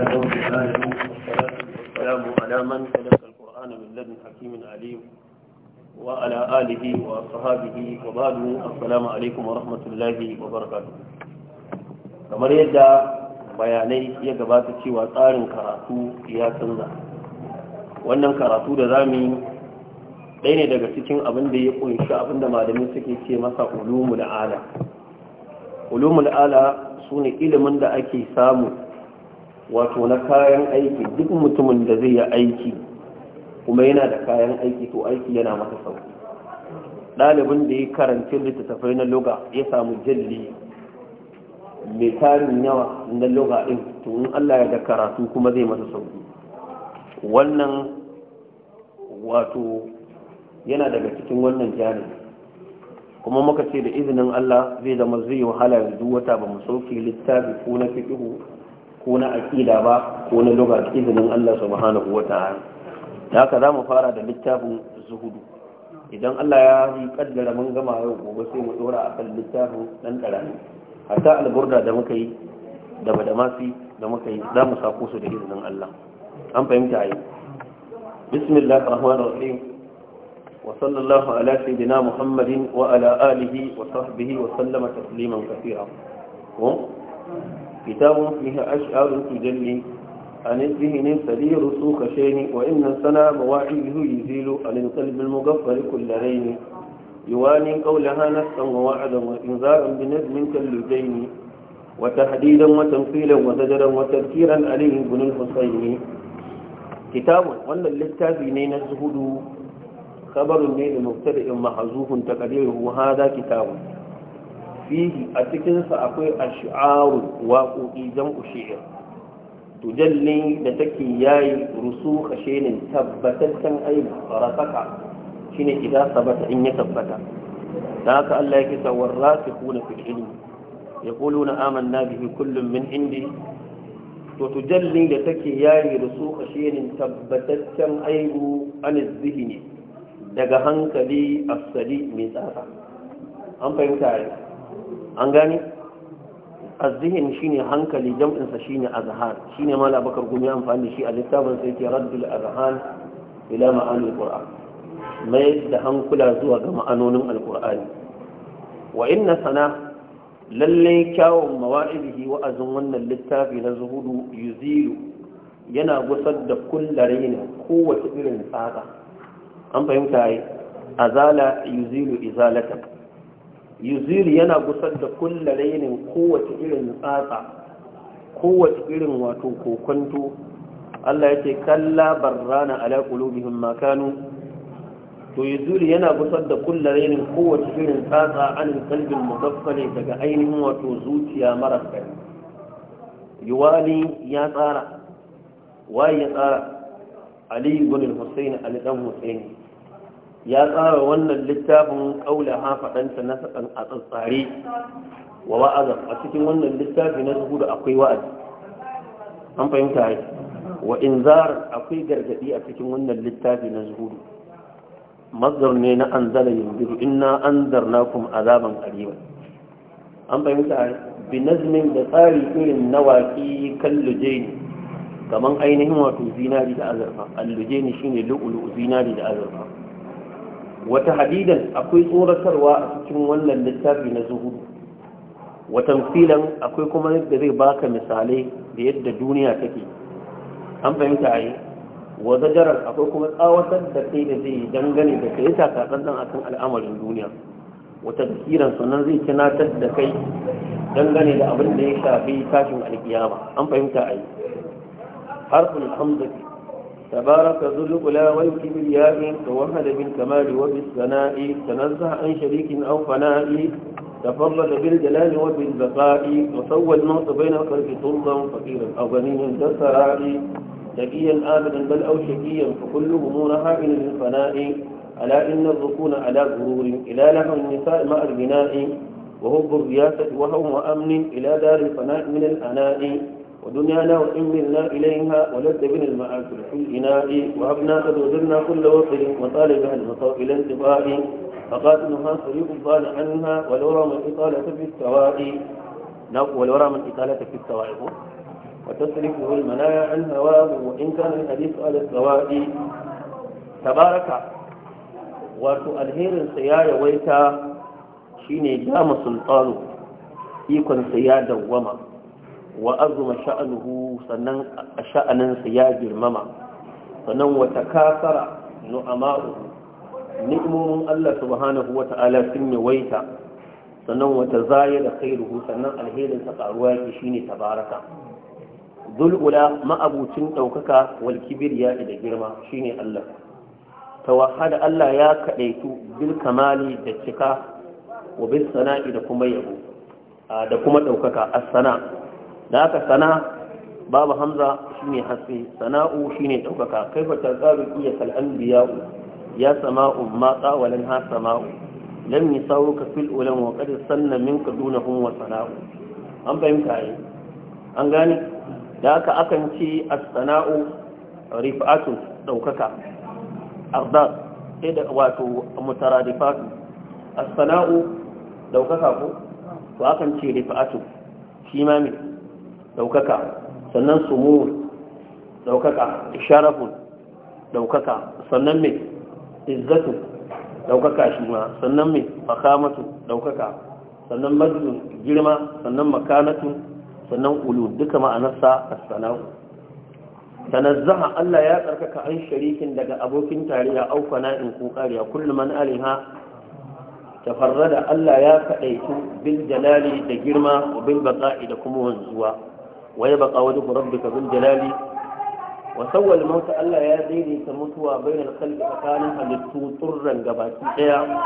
والسلام على من تلقى القرآن من لدن حكيم عليم وعلى آله وصحابه وبعد السلام عليكم ورحمة الله وبركاته kamar yadda bayanai ya gabata cewa tsarin karatu ya canza wannan karatu da zamu ɗaya ne daga cikin abin da ya ƙunshi abin da malamin suke ce masa ulumul ala ulumul ala su ne ilimin da ake samu wato na kayan aiki duk mutumin da zai yi aiki kuma yana da kayan aiki to aiki yana masa sauki ɗalibin da ya karanci littattafai na loga ya samu jalli mai tarin yawa na loga ɗin to in allah ya da karatu kuma zai masa sauki wannan wato yana daga cikin wannan jari kuma muka ce da izinin Allah zai zama zai wahala yanzu wata ba mu sauke littafi ko na fiƙihu ko na aƙida ba ko na lugar izinin Allah subhanahu wa ta'ala da haka za mu fara da littafin zuhudu idan Allah ya yi kaddara mun gama yau gobe sai mu dora akan littafin dan karami hatta alburda da muka yi da badamasi da muka yi za mu sako su da izinin Allah an fahimta yi bismillahir rahmanir rahim wa sallallahu ala sayyidina muhammadin wa ala alihi wa sahbihi wa sallama tasliman kaseera كتاب فيه أشعار تجلي عن الذهن فلي رسوخ شين وإن سنى مواعيه يزيل عن القلب المغفر كل عين يواني قولها نفسا ووعدا وإنذارا بنجم كاللجين وتحديدا وتنفيلا وزجرا وتذكيرا عليه بن الحسين كتاب وأن للتابعين نين خبر نين مبتدئ محزوف تقديره وهذا كتاب fihi a cikinsa akwai ash'aru waƙoƙi jam'u shi'ir tujalli da take yayi rusu kashe kashenin tabbataccen aibu rasaka shine idan sabata in ya tabbata da haka Allah yake sa warasikhuna fil ilmi aman na bihi kullum min indi to tujalli da take yayi rusu kashe kashenin tabbataccen aibu an zihni daga hankali asali mai tsaka an fahimta ne an gane azihin shine hankali jam'insa shine azhar shine mala bakar gumi amfani da shi a littafin sai ke raddul azhan ila ma'anil qur'an mai da hankula zuwa ga ma'anonin alqur'ani wa inna sana lalle kyawun mawa'idihi wa'azin wannan littafi na zuhudu yuzilu yana gusar da kullarin kowace irin tsaka an fahimta yi azala yuzilu izalatan yuziri yana gusar da kulla rainin kowace irin tsatsa kowace irin wato kokonto Allah ya ce kalla barrana ala qulubihim ma kanu to yuziri yana gusar da kulla rainin kowace irin tsatsa an kalbin mudaffale daga ainihin wato zuciya mara kai yuwali ya tsara waye ya tsara ali ibn al-husayn al-dan husayn ya tsara wannan littafin ƙaula ha faɗanta na saɗan a tsatsari wa wa'azan a cikin wannan littafi na zuhudu akwai wa'azi an fahimta yi wa in zara akwai gargaɗi a cikin wannan littafi na zuhudu mazdar ne na anzala yanzu kuma a azaban ƙariwa an fahimta yi bi nazmin da tsari irin na waƙi kan Lujeni, kamar ainihin wato zinari da azurfa shi ne shine lu'ulu zinari da azurfa wata hadidan akwai tsoratarwa a cikin wannan littafi na zuhudu watan filan akwai kuma yadda zai baka misalai da yadda duniya take an fahimta a yi wa zajarar akwai kuma tsawatar da kai da zai dangane da kai taka tsantsan akan al'amarin duniya wata tasirin sannan zai tunatar da kai dangane da abin da ya shafi tashin alkiyama an fahimta a yi harfin hamzati تبارك ذو القلا والكبرياء توهل بالكمال وبالثناء تنزه عن شريك أو فناء تفرد بالجلال وبالبقاء وسوى الموت بين الخلق طردا فقيرا أو غنيا ذا سراء شقيا آبدا بل أو شقيا فكلهم هائل للفناء ألا إن الركون على غرور إلى لها النساء مع البناء وهب الرياسة وهم أمن إلى دار الفناء من الأناء ودنيانا وإمنا إليها ولد من المعاد في الإناء وأبناء قد وزرنا كل وقت وطالبها المطاق إلى انتفاء فقاتلها صريق الضال عنها ولورا من إطالة في السواء نعم، ولورا من إطالة في السواء وتسلكه المنايا عن هواه وإن كان الحديث على السواء تبارك وتؤلهير سيايا ويتا شيني جام سلطانه يكون سيادة وما wa azuma sha'anuhu sannan sha'aninsa ya girmama sannan wa takasara nu'amaruhu ni'imomin Allah subhanahu wa ta'ala sun yawaita sannan wa tazayada khairuhu sannan alherin sa karuwa yake shine tabaraka dhul ula ma'abucin daukaka wal ya da girma shine Allah tawahada Allah ya kadaitu bil kamali da cika wa bis sana'i da kuma yabo da kuma daukaka as-sana' da haka sana babu hamza shine haske sana'u shine daukaka kaifa tazaru iya kal anbiya'u ya sama'u ma qawalan ha sama'u lam yasawuka fil ulam wa qad sanna minka dunahum wa sana'u an fahimta ai an gane da haka akan ce as-sana'u rifa'atu daukaka arda sai da wato mutaradifatu as-sana'u daukaka ko to akan ce rifa'atu? shi ma mai ɗaukaka sannan sumur ɗaukaka sharafun ɗaukaka sannan mai izzatu ɗaukaka shi ma sannan mai makamatu ɗaukaka sannan majalun girma sannan makanatu sannan ulu duka ma'anarsa a sana'u tanazzaha Allah ya tsarkaka an sharikin daga abokin tarayya au fana'in ko kariya kullum man aliha farrada Allah ya kaɗaitu bil jalali da girma wa bil baqa'i da kuma wanzuwa ويبقى وجه ربك ذو الجلال وسوى الموت ألا يا ديني تموتوا بين الخلق فكانها للتوطرا قباتي إيه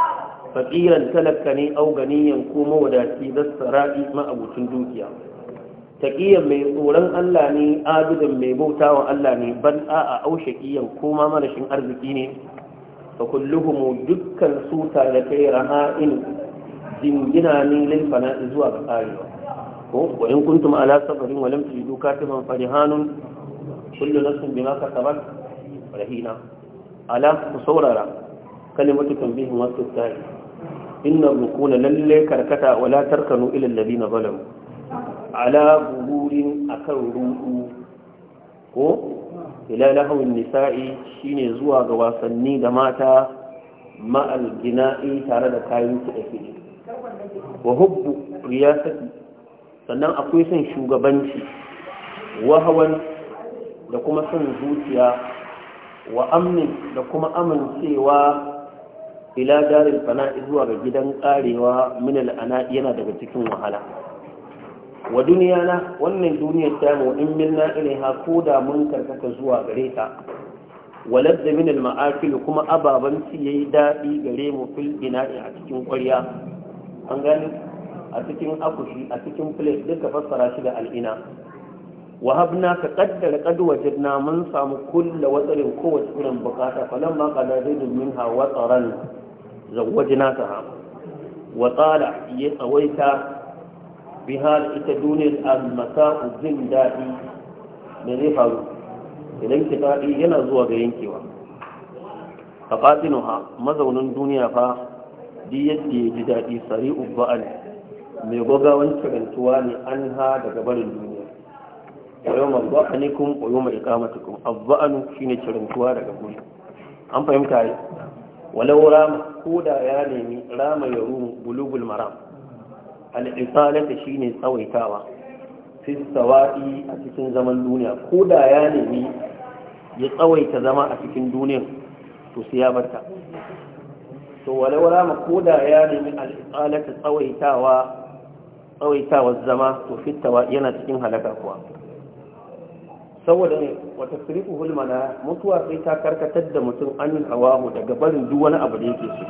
فقيرا تلكني أو غنيا كوما وداتي ذا السرائي ما أبو تندوكيا تقيا مي أولا ألا ني آبدا مي بوتا وألا ني بل آآ أو شكيا كوما مرشن أرزكيني فكلهم دكا سوتا لكي رهائن جنجنا ني للفناء زوا بقايا ko wa in kuntum ala safarin wa lam tajidu katiban farihanun kullu nafsin bima kasabat rahina ala ku saurara kalimatu tanbihin wa tsari inna rukuna lalle karkata wala tarkanu ila alladhina zalamu ala buhurin akan ru'u ko ila lahawin nisa'i shine zuwa ga wasanni da mata ma'al gina'i tare da kayan kiɗe-kiɗe wa hubbu riyasati sannan akwai son shugabanci wahawan da kuma son zuciya wa amnin da kuma amincewa ila darin fana'i zuwa ga gidan karewa min al'ana yana daga cikin wahala wa duniya na wannan duniyar ta mu in minna ha ko da mun karkata zuwa gare ta walad da min al kuma ababan ci yayi daɗi gare mu fil ina a cikin ƙwarya an gani a cikin akushi a cikin plate duka fassara shi da al'ina wahabna ka kaddara kad na mun samu kulla watsarin kowace irin bukata falan ma qala zaidun minha watsaran zawajna ta wa qala ya tsawaita bihar ita duniyar al-masa'u jin daɗi da zai faru idan kitaɗi yana zuwa ga yankewa a ha mazaunin duniya fa di yadda ya ji daɗi sari'u ba'al mai gwagawan tarantuwa ne an ha daga barin duniya wayo mai ba'anikum wayo mai ikamatukum abba'anu shine tarantuwa daga guri an fahimta yi walau rama ko da ya nemi rama ya rumu bulugul maram al'isalata ne tsawaitawa fi sawa'i a cikin zaman duniya ko da ya nemi ya tsawaita zama a cikin duniya to sai ya barta to walau rama ko da ya nemi al'isalata tsawaitawa tsawaitawar zama to fitawa yana cikin halaka kuwa saboda ne wata firiku hulma na mutuwa sai ta karkatar da mutum anin hawahu daga barin duk wani abu da yake so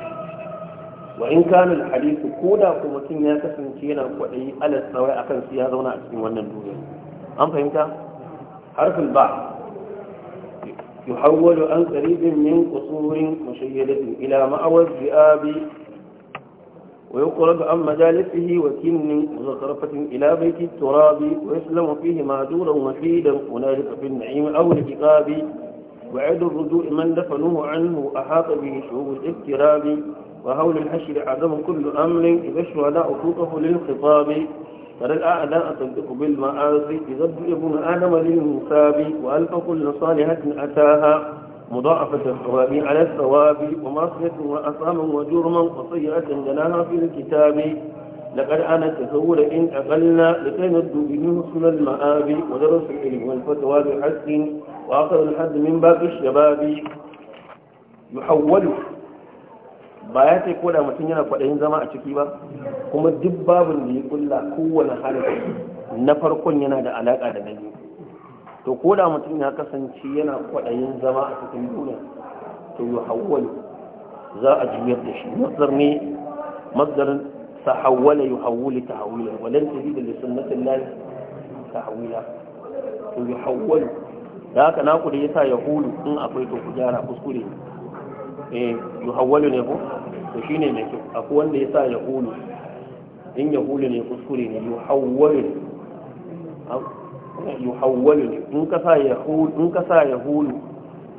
wa in kanul hadithu ko da ku mutum ya kasance yana kwaɗayi alas tsawai kan su ya zauna a cikin wannan duniya an fahimta harfin ba يحول عن قريب من قصور مشيدة إلى مأوى الذئاب ويقرب عن مجالسه وكن مزخرفة إلى بيت التراب ويسلم فيه معذورا وحيدا ونالك في النعيم أو العقاب وعد الرجوع من دفنوه عنه أحاط به شعوب الاكتراب وهول الحشر عدم كل أمر إذا الشهداء فوقه للخطاب ترى الأعداء تنطق بالمآسي يذب ابن آدم للمساب وألف كل صالحة أتاها مضاعفة الثواب على الثواب ومعصية وأصام وجرما وسيئة جناها في الكتاب لقد أنا التزول إن أقلنا لتمد به حسن المآب ودرس العلم والفتوى بحد وأخذ الحد من باب الشباب يحول بايات ya sai koda mutum yana kwaɗayin zama a ciki ba kuma duk babin da ya kulla kowane harfi na farkon yana da alaƙa da to ko da mutum ya kasance yana kwaɗayin zama a cikin duniya to yi hawwali za a juyar da shi masdar ne sa sahawwala yi hawwuli ta hawwila walen tafi da na lafi ta hawwila to yi hawwali da haka naku da yasa ya hulu in akwai to ku gyara kuskure eh yi hawwali ne ko to shine mai kyau akwai wanda yasa ya hulu in ya hulu ne kuskure ne yi hawwali yuhawwalu ne in ka sa yahulu in ka sa yahulu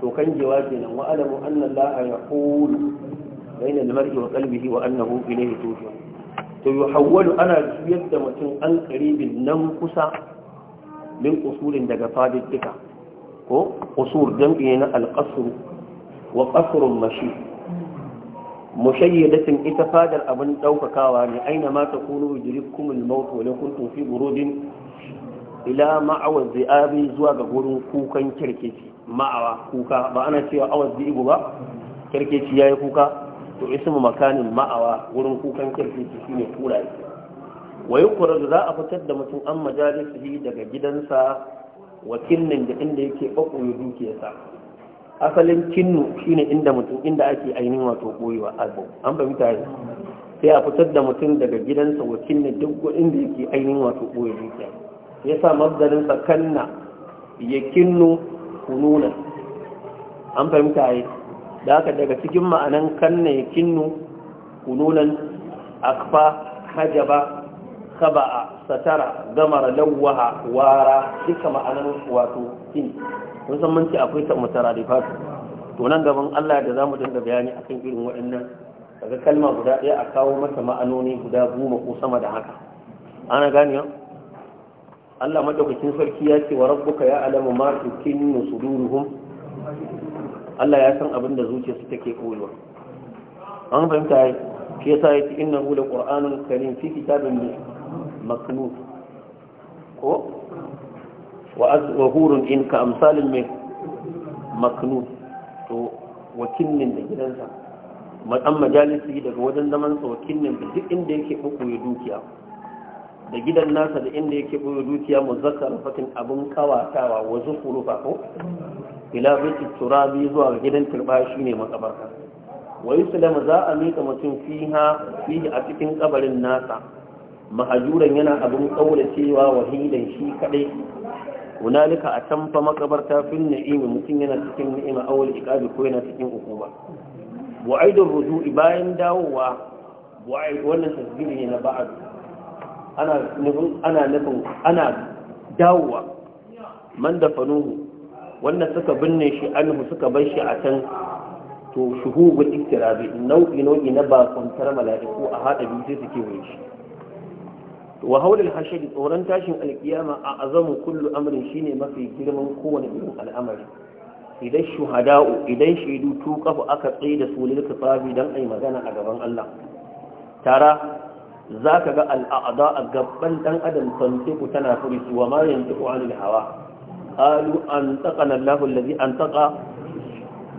to kan jewa kenan wa ya anna allaha yahulu bayna al-mar'i wa qalbihi wa annahu ilayhi tushur to yuhawwalu ana juyar da mutum an qaribin nan kusa min kusurin daga fadittika ko usul jam'i na al-qasr wa qasrun mashi mushayyidatin ita fadar abin daukakawa ne aina ma takunu yudrikumul maut wa law kuntum fi burodin. ila ma'awa zi'abi zuwa ga gurin kukan kirkeci ma'awa kuka ba ana cewa awaz zi'ibu ba kirkeci yayi kuka to ismu makanin ma'awa gurin kukan kirkeci shine wayi kura da za a fitar da mutum an majalisihi daga gidansa wa kinnin da inda yake ɓaɓɓoye dukiyarsa asalin kinnu shine inda mutum inda ake ainihin wato ɓoyewa albo an fahimta yanzu sai a fitar da mutum daga gidansa wa kinnin duk inda yake ainihin wato ɓoye dukiyarsa. yasa tsakanna ya kinnu kununa an fahimta yi da aka daga cikin ma'anan kanna ya kinnu kununan akfa hajaba kaba'a satara gamara lawaha wara duka ma'anan wato kini sun san manci akwai ta da to nan gaban Allah da zamu dinga bayani akan irin waɗannan daga kalma guda ɗaya a kawo mata ma'anoni guda goma ko sama da haka ana gani Allah madaukakin sarki ya ce wa rabbuka ya alamu ma tukinnu suduruhum Allah ya san abin da su take koyewa an fahimta ya ke yasa ya ce innahu ƙur'anun karim fi kitabin maknun ko wa hurun in ka amsalin mai maknun to wakilin da gidansa an majalisi daga wajen zaman sa wakilin da duk inda yake uku ya dukiya da gidan nasa da inda yake buru dukiya muzakkar fatin abin kawatawa wa zukhrufa ko ila baiti turabi zuwa gidan turba shine makabarka wa yuslama za a mika mutum fiha a cikin kabarin nasa mahajuran yana abun cewa wahidan shi kadai hunalika a tamfa makabarta fin na'imi mutum yana cikin ni'ima awal ikabi ko yana cikin hukuma wa aidan ruju'i bayan dawowa wannan tasbiri ne na ba'adu. ana nufin ana dawowa man da fanuhu wanda suka binne shi anhu suka bar shi a can to shuhubul iktirabi nau'i nau'i na bakuntar mala'iku a hada biyu sai suke wuri shi wa haulul hashari tsoron tashin alkiyama a azamu kullu amrin shine mafi girman kowane irin al'amari idan shuhada'u idan shaidu tuƙafu aka tsaye da su lil don dan ai magana a gaban Allah tara za ka ga al'ada a gaban ɗan adam ku tana su, wa ma yanzu ku hawa alu an taqana Allahu allazi an taƙa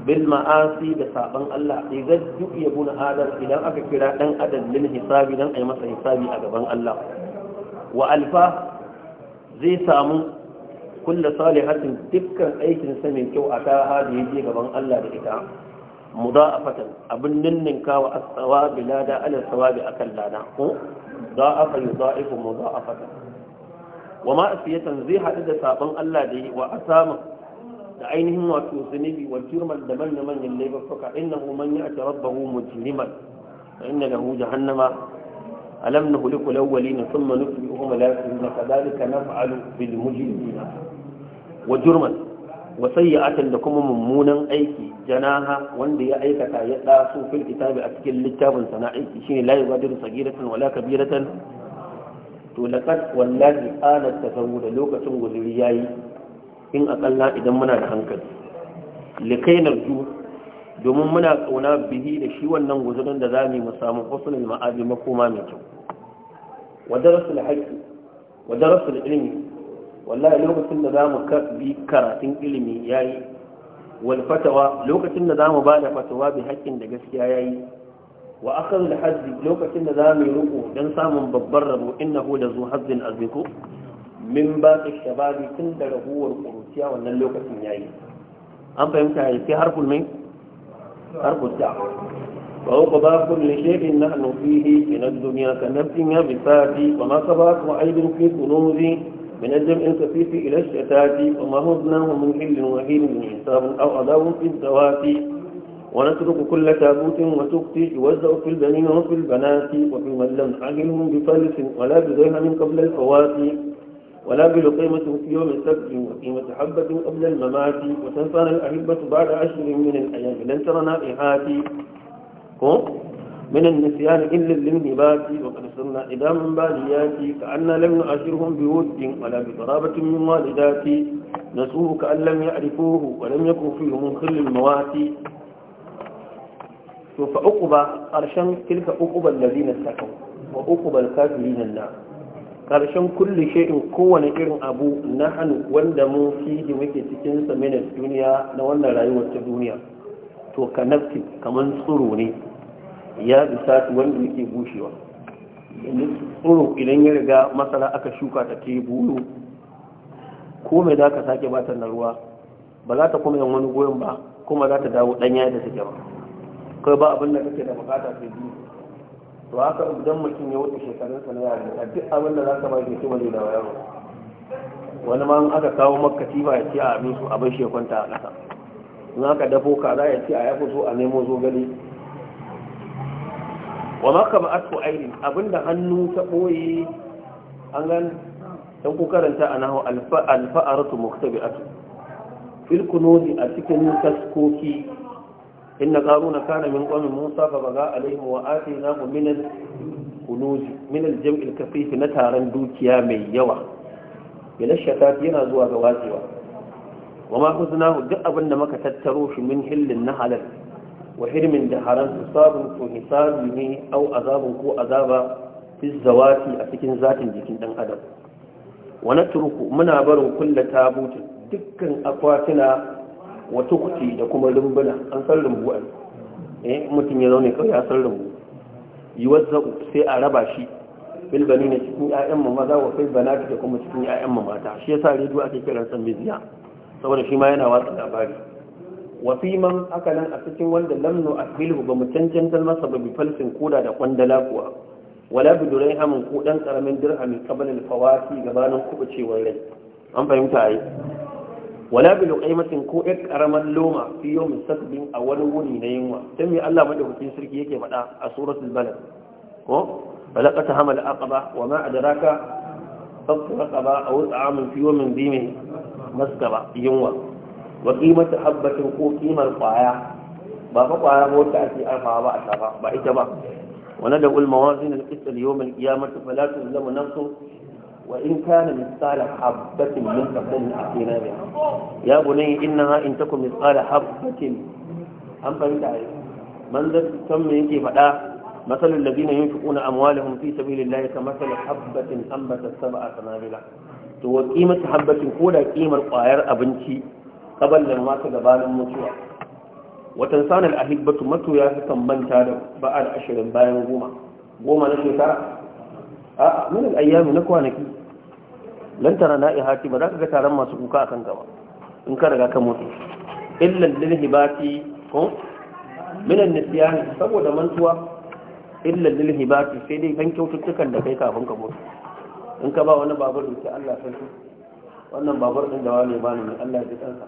bil ma'asi da saban Allah idan duk yabuna adam idan aka kira ɗan adam lil hisabi dan yi masa hisabi a gaban Allah wa alfa zai samu kullu salihatin dukkan aikin sa mai kyau a ta ya je gaban Allah da ita mudafatan abin a tsawabi lada bilada tsawabi a kan lana ko za a da'afa yudaifu mudafatan wa ma a asiyatan zai haɗu da sabon Allah da yi wa a asama da ainihin wato zunubi wa jurmal da manyan manyan laifuka innahu man ya'ti rabbahu mujriman fa inna lahu jahannama alam na na sun awwalina thumma nutbi'uhum al-akhirin kadhalika naf'alu bil mujrimina wa jurmal wa sayyi'atin da kuma mummunan aiki janaha wanda ya aikata ya dasu fil kitabi a cikin littafin sana aiki shine la yubadiru sagiratan wala kabiratan to laqad wallahi qala tasawu lokacin guzuri yayi in akalla idan muna da hankali likai narju domin muna kauna bihi da shi wannan guzurin da zamu mu samu husnul ma'abi makoma mai kyau wa darasul haqqi wa darasul ilmi wallahi lokacin da zamu bi karatun ilimi yayi wal fatawa lokacin da zamu ba da fatawa bi haƙƙin da gaskiya ya yi wa akhadhu da hajji lokacin da zamu yi ruku don samun babbar rabo innahu la zu hazzin arziku min baqi shababi tun da raguwar ƙuruciya wannan lokacin ya yi an fahimta yayi sai harful mai harful ta وهو قضاء كل شيء نحن فيه ba الدنيا ka ba وما سبقت وأيد في كنوزي من الجمع الكثيف إلى الشتات وما هدناه من حل من حساب أو عذاب في الزوات ونترك كل تابوت وتقتي يوزع في البنين وفي البنات وفي من لم نعجلهم بفلس ولا من قبل الفوات ولا بلقيمة في يوم السبت وقيمة حبة قبل الممات وتنفر الأحبة بعد عشر من الأيام لن ترى نائحاتي من النسيان إلا للنبات وقد صرنا إلى من بالياتي كأن لم نعاشرهم بود ولا بقرابة من والداتي نسوه كأن لم يعرفوه ولم يكن فيهم خل المواتي فأقبى قرشا تلك أقبى الذين سكوا وأقبى الكافرين النار ƙarshen kulle shi'in kowane irin abu na hannu wanda mu fi muke cikin saminar duniya na wannan rayuwar ta duniya to ka kamar tsoro ne ya bisatu wanda yake bushewa yanzu tsoro idan ya riga masara aka shuka ta ke buyo ko mai za ka sake ba ta na ruwa ba za ta kuma yin wani goyon ba kuma za ta dawo ɗanya da take ba kai ba abin da kake da bukata sai biyu to haka idan mutum ya wuce shekarunsa na yare a duk abin da za ka ba ke kuma zai dawo yaro wani ma aka kawo maka tiba ya ce a abin su abin shekwanta a ƙasa in aka dafo kaza ya ce a yafi so a nemo zogale wa ma kama atku aini abinda hannu ta ɓoye an gan don ku karanta a nahu alfa'aratu muktabi'atu fil kunuzi a cikin taskoki inna qaruna kana min qawmi musa fa baga alaihim wa atainahu min al kunuzi min al jam' al kafif na taran dukiya mai yawa bila shakat yana zuwa ga wajewa wa ma kuznahu duk abinda muka tattaro shi min hillin na halal wa hirmin da haramta sabon to hisabi ne au azabin ko azaba fi zawati a cikin zatin jikin dan adam wani turku muna barin kulla tabutin dukkan akwatina wa tukuti da kuma rumbuna an san rumbu a eh mutum ya zaune kawai ya san rumbu wadda sai a raba shi bilbani ne cikin 'ya'yan mu maza wa fil bana da kuma cikin 'ya'yan mu mata shi ya yasa rediyo ake kiransa miziya saboda shi ma yana watsa labari wa fi man a cikin wanda lamnu asbilu ba mu cancantar masa ba falsin koda da kwandala kuwa wala bi durai hamin ko dan karamin dirhamin kabalin fawasi gabanin cewar rai an fahimta yi. wala bi luqaimatin ko ɗan karaman loma fi yawmin sakbin a wani wuni na yunwa dan mai Allah madaukakin sarki yake faɗa a suratul balad ko balaqata hamal aqaba wa ma adraka fakku aqaba aw ta'amun fi yawmin dhimi maskaba yunwa wa qimatu habbatin ko qimar kwaya. ba fa kwaya ba wata ake arfa ba a shafa ba ita ba wa nada ul mawazin al qist al yawm al qiyamah fala tuzlamu nafsun wa in kana misali habatin min taqin atina biha ya bunay innaha in tako mithqala habatin an fahimta ai man da san me yake faɗa مثل الذين ينفقون أموالهم في سبيل الله كمثل حبة أنبتت a سنابل to wa kimar habbatin ko da kimar kwayar abinci qabl da mata gabanin mutuwa watan sanar hibbatu matu ya fi tambanta da ba'ar ashirin bayan goma goma na shekara a minin ayyami na kwanaki lantara na na'i hati ba za ka ga taron masu kuka akan gaba in ka riga kan mutu illa lil hibati ko Minan an-nisyan saboda mantuwa illa ba hibati sai dai ban kyaututtukan da kai kafin ka mutu in ka ba wani babur da Allah sarki wannan babur ɗin da wani bani Allah ya ji kansa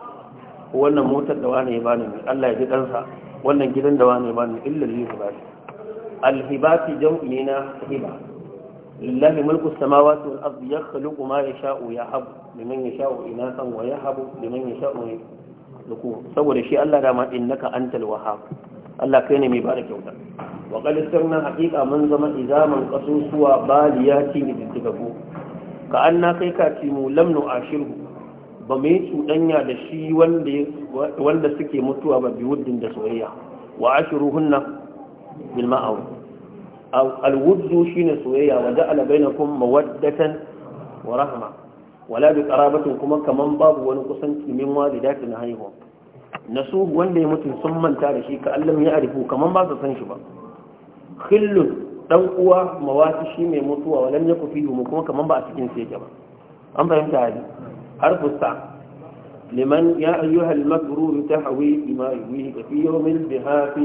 wannan motar da wani ya bani ne, Allah ya ji kansa wannan gidan da wani ya bani illa lihibati alhibati jam'i na hiba lillahi mulku samawati wal ardi yakhluqu ma yasha'u yahabu liman yasha'u inasan wa yahabu liman yasha'u nuku saboda shi Allah da ma innaka antal wahhab Allah kai ne mai bada kyauta wa qad sirna haqiqa mun zama izaman qasusuwa baliyati bi dukku ka anna kai ka timu lamnu nu ashirhu ba mu yi cuɗanya da shi wanda suke mutuwa ba biwuddin da soyayya wa ashiruhunna bil ma'ruf alwuddu shine soyayya wa ja'ala bainakum mawaddatan wa rahma wala bi qarabatin kuma kaman babu wani kusanci min walidati na haihuwa nasu wanda ya mutu sun manta da shi ka Allah ya arifu kaman ba su san shi ba khillun dan uwa mawati shi mai mutuwa walam yakufi mu kuma kaman ba a cikin sai ba an fahimta hadi حرف الساعة لمن يا أيها المكروه تحوي بما يهويه في يوم البهاف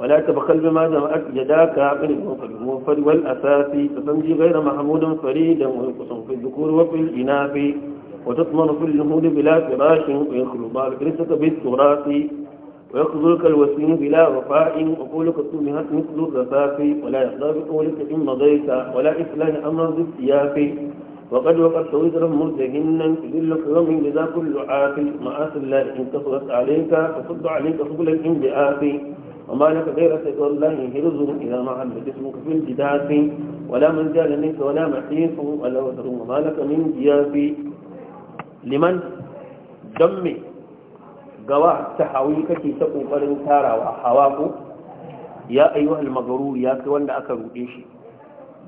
ولا تبخل بما جمعت يداك عقل المنفرد والأساس تسمجي غير محمود فريدا وينقص في الذكور وفي الإناف وتطمن في الجهود بلا فراش ويخلو مالك رزقك بالتراث ويخذلك الوسيم بلا وفاء وقولك تمهت مثل الرفاف ولا يخضى بقولك إن مضيت ولا إفلان أمر بالسياف وقد وقد وزرا مرتهنا يذلك يوم لذا كل عاف معاصي الله إن كفرت عليك تصد عليك إن الانبعاث وما لك غير سوى الله هرز إذا ما عمل جسمك في الجداف ولا من جال منك ولا محيص ولا وزر وما لك من جياف لمن دم قواه ta كي kake ta kokarin tarawa يا أيها المغرور يا كوان ya إيشي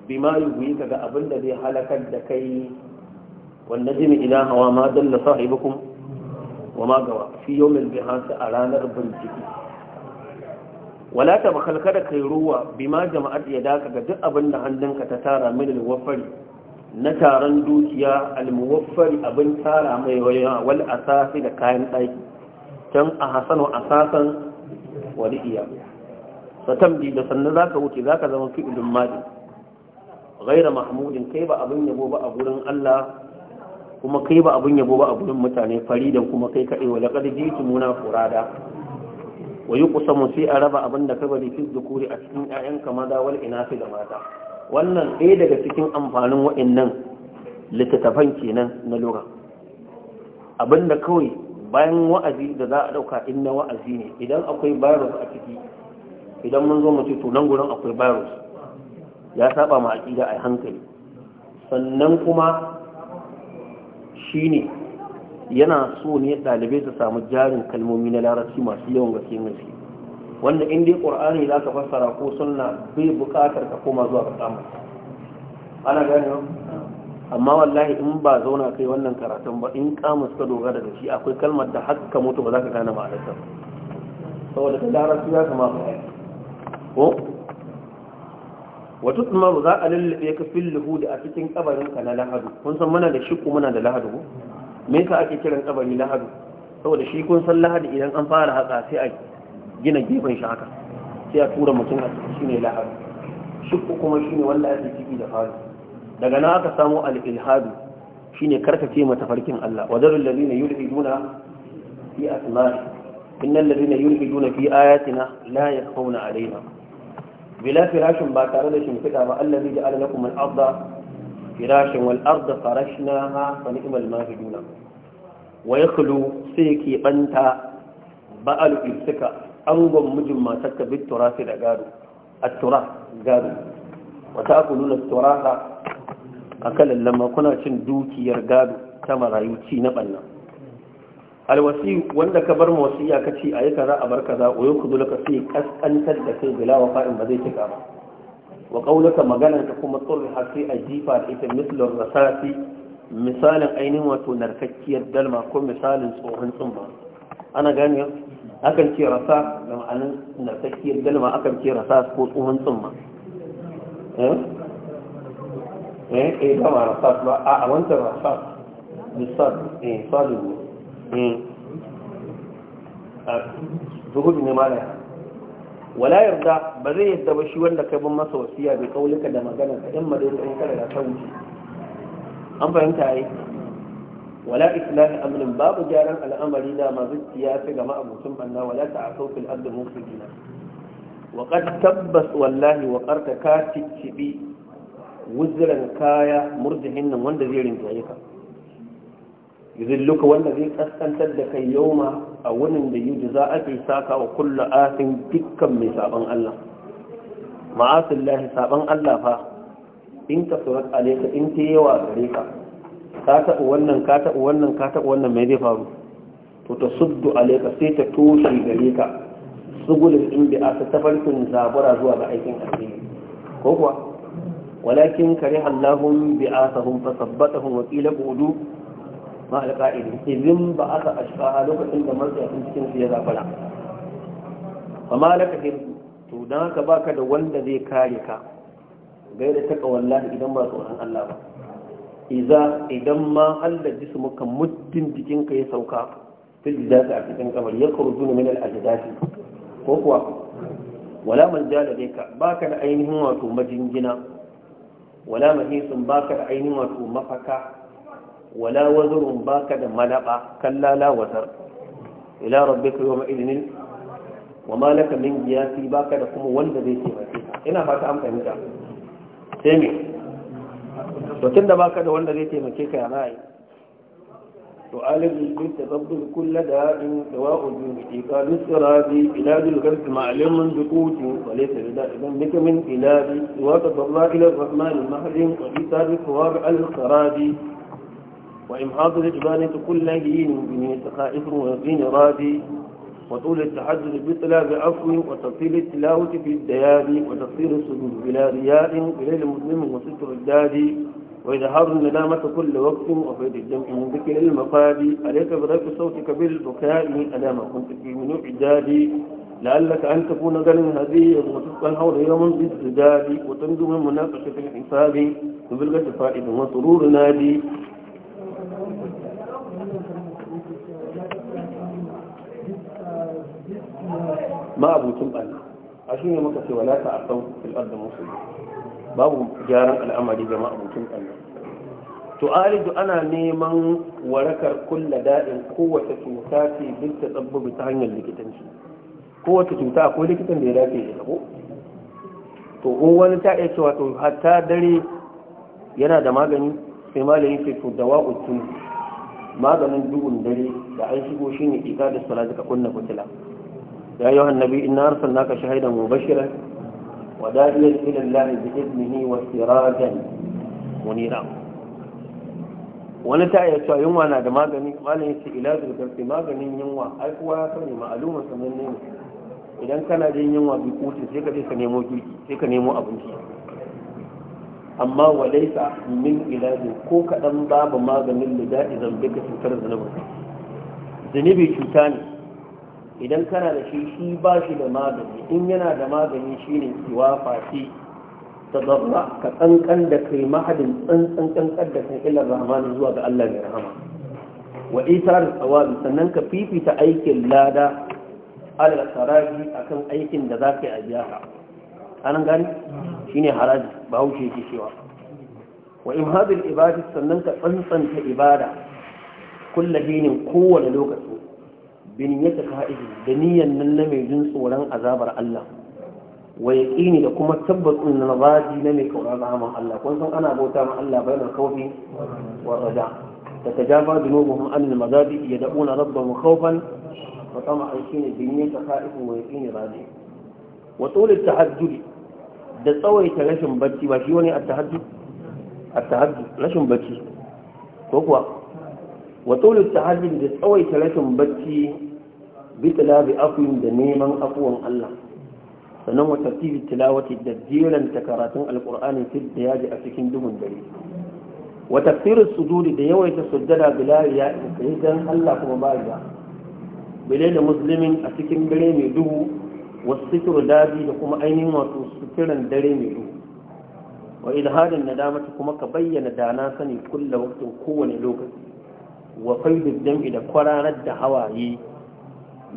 bima yuhi ka ga abin da zai halakar da kai wanda jini idan hawa ma dalla sahibukum wa ma gawa fi yawmil bihas a ranar bincike wala ta makalkada kai ruwa bima jama'ar ya daka ga duk abin da hannunka ta tara min alwafari na taron dukiya almuwaffari abin tara mai waya wal asasi da kayan ɗaki can a hasanu asasan wali'iya satamdi da sannan zaka wuce zaka zama fi'ilin madi ghaira mahmudin kai ba abin yabo ba a gurin Allah kuma kai ba abin yabo ba a gurin mutane faridan kuma kai kaɗai wa laqad jitu muna furada wa yuqsamu kusa mu sai a raba abin da ka bari a cikin ayyan kama da wal inasi da mata wannan ɗaya daga cikin amfanin waɗannan littattafan kenan na lura abinda kawai bayan wa'azi da za a ɗauka inna wa'azi ne idan akwai virus a ciki idan mun zo mu ce to nan gurin akwai virus ya saba ma aƙida a hankali sannan kuma shine yana so ne ɗalibai su samu jarin kalmomi na larabci masu yawan gaske gaske wanda inda qur'ani ƙur'ani za ka fassara ko sunna bai buƙatar ka koma zuwa ka ana gane amma wallahi in ba zauna kai wannan karatun ba in kamus ka dogara da shi akwai kalmar da hakka mutu ba za ka gane ma'anarta saboda ta larabci za ka ma ko wata tsumaru za a lullube ka fil da a cikin kabarin ka na lahadu kun san muna da shiku muna da lahadu me yasa ake kiran kabari lahadu saboda shi kun san lahadu idan an fara haka sai a gina gefen shi haka sai a tura mutum a ciki shine lahadu shiku kuma shine wanda ake ciki da fadu daga nan aka samo al-ilhadu shine karkace mata farkin Allah wadarul ladina yulhiduna fi asma'i innal ladina yulhiduna fi ayatina la yakhawna alaina bila firashin ba tare da shimfiɗa ba Allah zai ja'ala lakum al-ardha firashin wal arda farashnaha fa ni'mal mahiduna wa yakhlu sai ke banta ba'al ibtika angon mijin matarka bit turasi da gado at-tura gado wa ta'kuluna at-turasa akalan lamma kuna cin dukiyar gado ta marayu ci na bannan alwasi wanda ka bar mawasiya ka ce a yi kaza a bar kaza wa yukudu laka sai kaskantar da kai bila wa fa'in ba zai cika ba wa qaulaka magana ka kuma tsurri har sai a jifa da ita mislur rasasi misalin ainihin wato narkakkiyar dalma ko misalin tsohon tsumma ana gane akan ce rasa da ma'anin narkakkiyar dalma akan ce rasa ko tsohon tsumma eh eh, eh ba ma rasa ba a wancan rasa misal eh salu Hmm. zuhudu ne mala wala yarda ba zai yadda ba shi wanda kai bin masa wasiya bai kaulika da magana ka in madai in kada da ta wuce an fahimta yi. wala islahi amrin babu gyaran al'amari da ma zuciya ta ga ma'abucin banna wala ta'asau fil ardi mufsidina wa qad tabbas wallahi wa qarta ka tibbi wuzran kaya murjihin nan wanda zai rinjaye ka yuzilluka wanda zai kaskantar da kai yauma a wurin da yuji za a ke saka wa kullu asin dukkan mai saban Allah ma'asin lahi saban Allah fa in ka surat alaika in ta yawa gare ka ka taɓa wannan ka taɓa wannan ka taɓa wannan mai zai faru to ta suddu alaika sai ta toshe gare ka sugulin in bi a ta tafarkin zabura zuwa ga aikin alheri ko kuwa walakin kare Allahun bi asahum fa sabbatahum wa qila qudu ma alƙa'idi izin ba aka ashqa lokacin da matsayacin cikin su ya zafara amma laka hirsu to don haka ba ka da wanda zai kare ka gai da taka wallahi idan ba tsoron Allah ba iza idan ma Allah jisu muka muddin jikinka ya sauka fil jidati a cikin kamar ya kurzu min al ajdati ko kuwa wala man jala ka ba ka da ainihin wato majingina wala ba ka da ainihin wato mafaka wala wazirun baka da malaba kallala wazar ila rabbika yawma idinin wa ma laka min giyasi baka da kuma wanda zai taimake ina fata an fahimta sai me to tunda baka da wanda zai taimake ka yana yi to alibi bi tababbul kulla da'in dawa'u bi iqalu sirabi ilajul ghaib ma'lumun bi quti wa bi da'iban bika min ilabi wa tadarra تقول الإبانة كله بنية خائف ويقين رادي وطول التحدث بطلا بعفو وتطيل التلاوة في الديان وتطير السجود بلا رياء بليل مظلم وستر الدادي وإظهار الندامة كل وقت وفيد الدمع من ذكر المقادي عليك برفع صوتك بالبكاء ألا ما كنت في من إعدادي لعلك أن تكون قلم هذه وتبقى الحول يوم بالزداد وتنجو من مناقشة الحساب وبالغة فائد وطرور نادي ma abucin a shi ne maka ce wala ta asau fil ardi musulmi babu gyaran al'amari ga ma abucin to alidu ana neman warakar kulla da'in kowace cuta ce duk ta tsabbabi ta hanyar likitanci kowace cuta akwai likitan da ya dace ya tabo to in wani ta iya cewa to hatta dare yana da magani sai malamin ce to dawa utun maganin duhun dare da an shigo shi ne ita da salatu ka kunna fitila ya yi يا أيها النبي إنا أرسلناك شهيدا مبشرا lahi da izini wa وسراجا munira wani ta iya cewa yunwa na da magani yake ila ilazul fi maganin yunwa aikuwa ya sani ma'aluma sannan ne idan kana jin yunwa bi kuti sai ka je ka nemo sai ka nemo abinci amma walaisa min ilazi ko kaɗan babu maganin da zambe ka cutar zunubin zunubi cuta ne idan kana da shi shi ba shi da magani in yana da magani shine kiwafa shi ta zaba ka kankan da kai mahadin tsantsan kankan da kan ilar rahmanin zuwa ga Allah mai rahama wa isar tsawabi sannan ka fifita aikin lada alal a kan aikin da za ka yi a biya ka anan gani shine haraji ba wuce ke cewa wa imhadul ibadi sannan ka tsantsanta ibada kullu dinin kowane lokaci bin ka'idi da niyan nan na mai jin tsoron azabar Allah wa yaqini da kuma tabbatun na baji na mai kauran rahaman Allah kun san ana bauta ma Allah bayan kaufi wa raja wa tama'an shine bin yata ka'idi wa yaqini raji wa tul at da tsawaita rashin bacci ba shi wani at-tahajjud at-tahajjud rashin bacci ko kuwa wa tul da tsawaita rashin bacci bitila bi afuwin da neman afuwan Allah sannan wata tartibi tilawati da jeranta karatun alqur'ani da yaji a cikin duhun dare wa tafsirus sujudi da yawaita sujjada bila ya dan Allah kuma ba ya da muslimin a cikin dare mai duhu wasu sitiru dabi da kuma ainihin wato sutiran dare mai duhu wa ilhadin nadamata kuma ka bayyana dana sani kulla waktin kowane lokaci wa faidin jam'i da kwararar da hawaye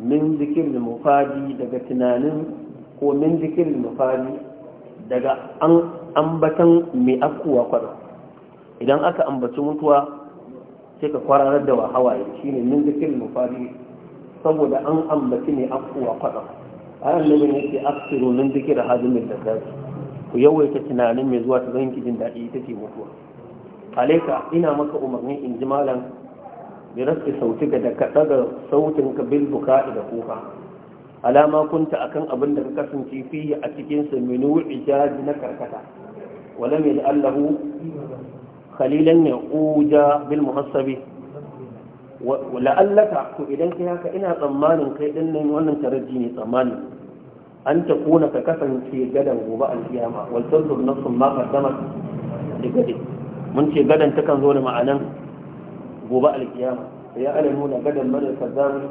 min zikir mufadi daga tunanin ko min zikir mufadi daga an ambatan mai afkuwa kwada idan aka ambaci mutuwa sai ka kwararar da hawaye shine min zikir mufadi saboda an ambaci mai afkuwa kwada a nan ne yake aksiru min zikir hadimin da zafi ku yawaita tunanin mai zuwa ta zan jin daɗi ita ce mutuwa alaika ina maka umarni in ji malam bi raske sautika da ka daga sautinka bil buka'i da kuka alama kunta akan abin da ka kasance fiye a cikin sa minu ijazi na karkata wala mai allahu khalilan ya uja bil muhassabi la'allaka to idan kai haka ina tsammanin kai din nan wannan taraji ne tsammani an ta kuna ka kasance gadan gobe alkiyama wal tanzur nafsun ma qaddamat digade mun ce gadan takan zo da ma'anan gobe alkiyama ya na gadon gadan madar kazzabun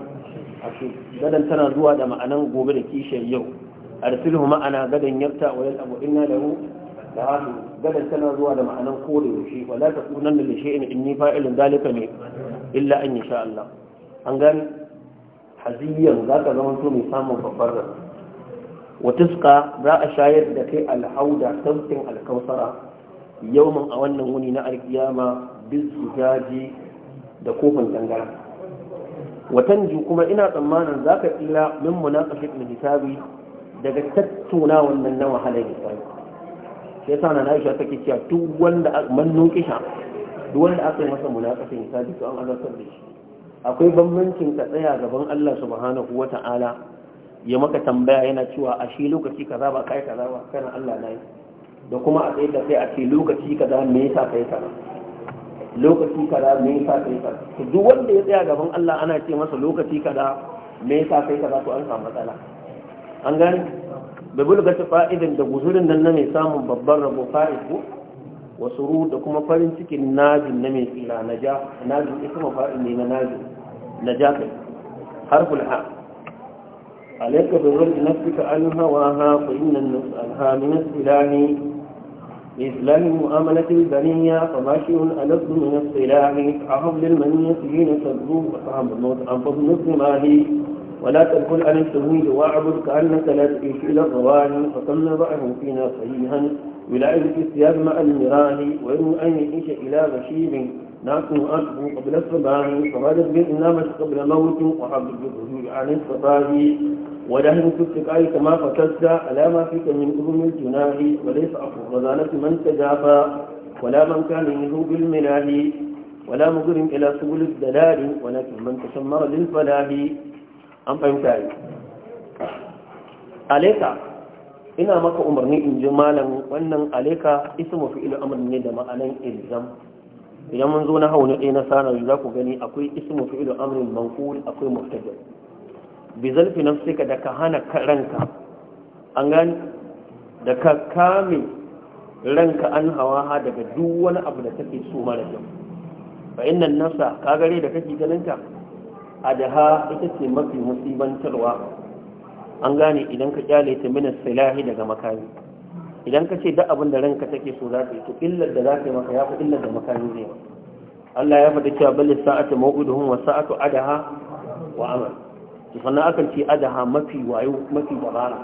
ashe gadon tana zuwa da ma'anan gobe da kishiyar yau arsilhu ma'ana gadon yarta wa yal ina da mu. da hasu gadon tana zuwa da ma'anan kore yaushe wa la takunanna li shay'in inni fa'ilun dalika ne illa an yasha Allah an gani za ka zama to mai samun babbar rabu wa tuska za a shayar da kai alhauda sautin alkausara yau yauman a wannan wuni na alkiyama bis jaji da kofin tangara watan ju kuma ina tsammanin za ka tsira min munaqashat min hisabi daga tattuna wannan na wahalar hisabi sai yasa na Aisha ta kiciya duk wanda man nokisha duk wanda aka yi masa munaqashin hisabi to an azabtar da shi akwai bambancin ka tsaya gaban Allah subhanahu wa ta'ala ya maka tambaya yana cewa a shi lokaci kaza ba kai kaza ba kana Allah na yi da kuma a tsaye ka sai a ce lokaci kaza me yasa kai kaza lokaci kada me yasa kai kaza to duk wanda ya tsaya gaban Allah ana ce masa lokaci kada me yasa kai kaza to an samu matsala an gane bai bulga ta fa'idan da guzurin nan na mai samun babban rabo fa'id ko wasu da kuma farin cikin najin na mai tsira na ja najin ita ma fa'id ne na najin na ja kai harful ha alaika bi rabbi nafsika an hawa ha fa inna an-nafs al-hamina مثل المؤاملة البنية فماشي ألف من الصلاح وطعم للمنيسين عن فضل الصماه ولا تدخل عن التمويل واعبد كأنك لا تعيش إلى الظواهر فصل ضعه فينا صحيحا يلعب في الثياب مع المراه وان أن يعيش إلى غشيب ناس أشبه قبل الصباح فغدت بالإنامة قبل موت وحب الجذور عن الصباح ودهن في كما فكرت على ما فيك من أذن الجناح وليس أخو رزانة من تجافى ولا من كان منه بالمناه ولا مغرم إلى سبل الدلال ولكن من تشمر للفلاح أم فهمت عليك ina maka umarni in ji malam wannan aleka ismu fi'il amr ne da ma'anan ilzam idan mun zo na hauna ɗaya na sanar za ku gani akwai ismu fi'il amrin akwai bi zalfi nafsika da ka hana ranka an gani da ka kame ranka an hawaha daga duk wani abu da take so mara kyau fa innan nafsa kagare da kake ganin ta adaha ita ce mafi musibantarwa an gane idan ka kyale ta mina silahi daga makami idan ka ce duk abin da ranka take so za ta yi to illar da za ta yi maka ya fi illar da makami zai ba Allah ya faɗi cewa bal sa'atu mawqiduhum wa sa'atu adaha wa amal sannan akan ce adaha mafi wayo mafi dabara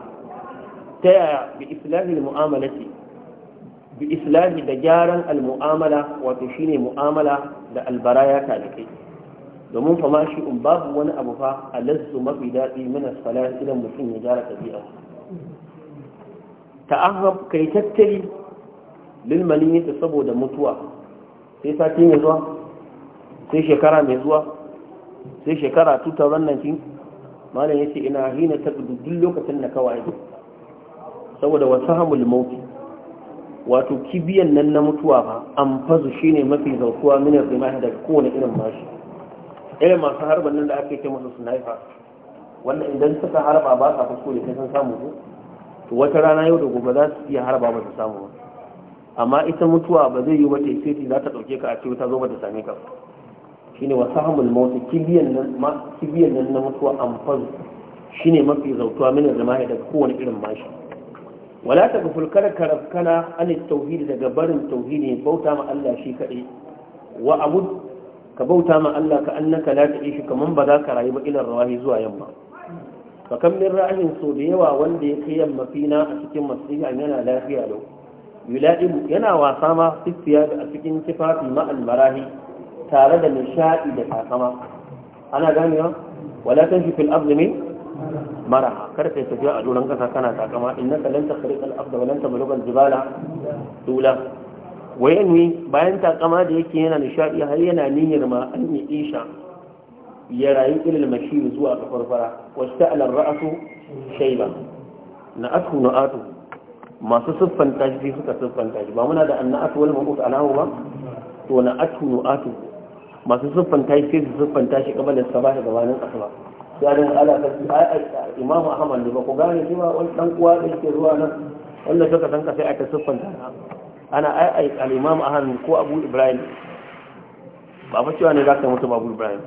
ta yaya bi islahi ce bi islahi da gyaran al-mu'amala wato shine mu'amala da albaraya ta da kai domin fama shi in babu wani abu fa a lazzu mafi daɗi min asfala idan mutum ya gyara tafiya ta ta'ahab kai tattali lil ta saboda mutuwa sai sati mai zuwa sai shekara mai zuwa sai shekara 2019 malam ce ina hina ta duk lokacin da kawai saboda wasahamul mauti wato kibiyan nan na mutuwa ba an fazu shine mafi zaukuwa mina zima daga kowane irin bashi. irin masu harban nan da ake ce musu sniper wannan idan suka harba ba sa fusko da sun samu ko to wata rana yau da gobe za su iya harba ba su samu ba amma ita mutuwa ba zai yi wata sai za ta dauke ka a ce ta zo ba ta same ka shine wa samun maut kibiyan nan na mutuwa amfaz shine mafi zautuwa zama zamani daga kowane irin mashi wala ta guful kada karafkana an tauhid daga barin tauhidi bauta ma Allah shi kadai wa amud ka bauta ma Allah ka annaka la ishi kamar ba za ka rayu ba ila rawahi zuwa yamma fa min ra'ayin so da yawa wanda ya kai yamma fina a cikin masriha yana lafiya lau yula'ibu yana wasa ma fifiya da a cikin tifafi ma marahi tare da nishaɗi da takama ana ganewa wala tanshi fil ardi min maraha kar kai tafiya a doron kasa kana takama innaka lan takhriqa al ardi wa lan tabluga al jibala tula wayanni bayan takama da yake yana nishaɗi har yana niyyar ma an yi isha ya rayu ilil mashir zuwa ga farfara wasta alar ra'asu shaiba na atu na atu masu siffanta shi suka siffanta shi ba muna da annatu wal mamut alahu ba to na atu na atu masu siffanta shi su siffanta shi kamar da sabahi gabanin asuba ya dan alaka shi imamu ahmad ne ba ku gane shi ba wani dan uwa da yake zuwa nan wanda suka san kafai sai aka siffanta ana ai ai al-imam ahmad ko abu ibrahim ba fa cewa ne za ka mutu babu ibrahim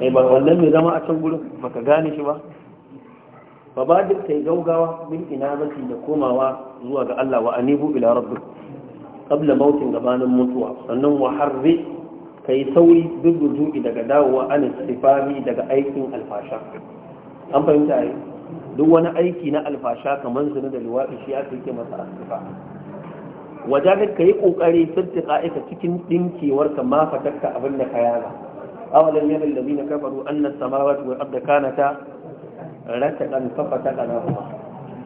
eh ba wannan mai zama a can gurin baka gane shi ba ba ba duk kai gaugawa min ina zaki da komawa zuwa ga Allah wa anibu ila rabbik qabla mautin gabanin mutuwa sannan wa harri ka yi sauri duk rujui daga dawowa an sifami daga aikin alfasha an fahimta yi duk wani aiki na alfasha kamar zina da luwaɗi shi aka yi masa asifa wajen da ka yi ƙoƙari sirtika aika cikin ɗinkewar ka ma fatakka abin da ka yaga awalan yana da lalabi na kafaru an na samawa tuwar abda kana ta rata kan kafa ta kana kuma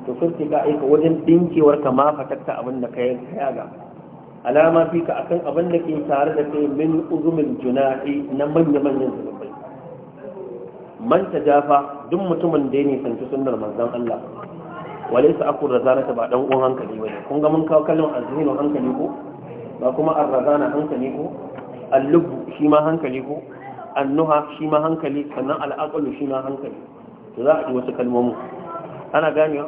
to sirtika aika wajen ɗinkewar ka ma fatakka abin da ka yaga alama fi ka akan abin da ke tare da kai min uzumin junahi na manya-manyan zunubai man ta jafa duk mutumin da ya nisanci sunnar manzon Allah wale su aku razana ta ba dan uwan hankali bane kun ga mun kawo kallon azhinu hankali ko ba kuma arrazana hankali ko allubu shi ma hankali ko annuha shi ma hankali sannan al'aqlu shi ma hankali to za a ji wasu kalmomi ana ganewa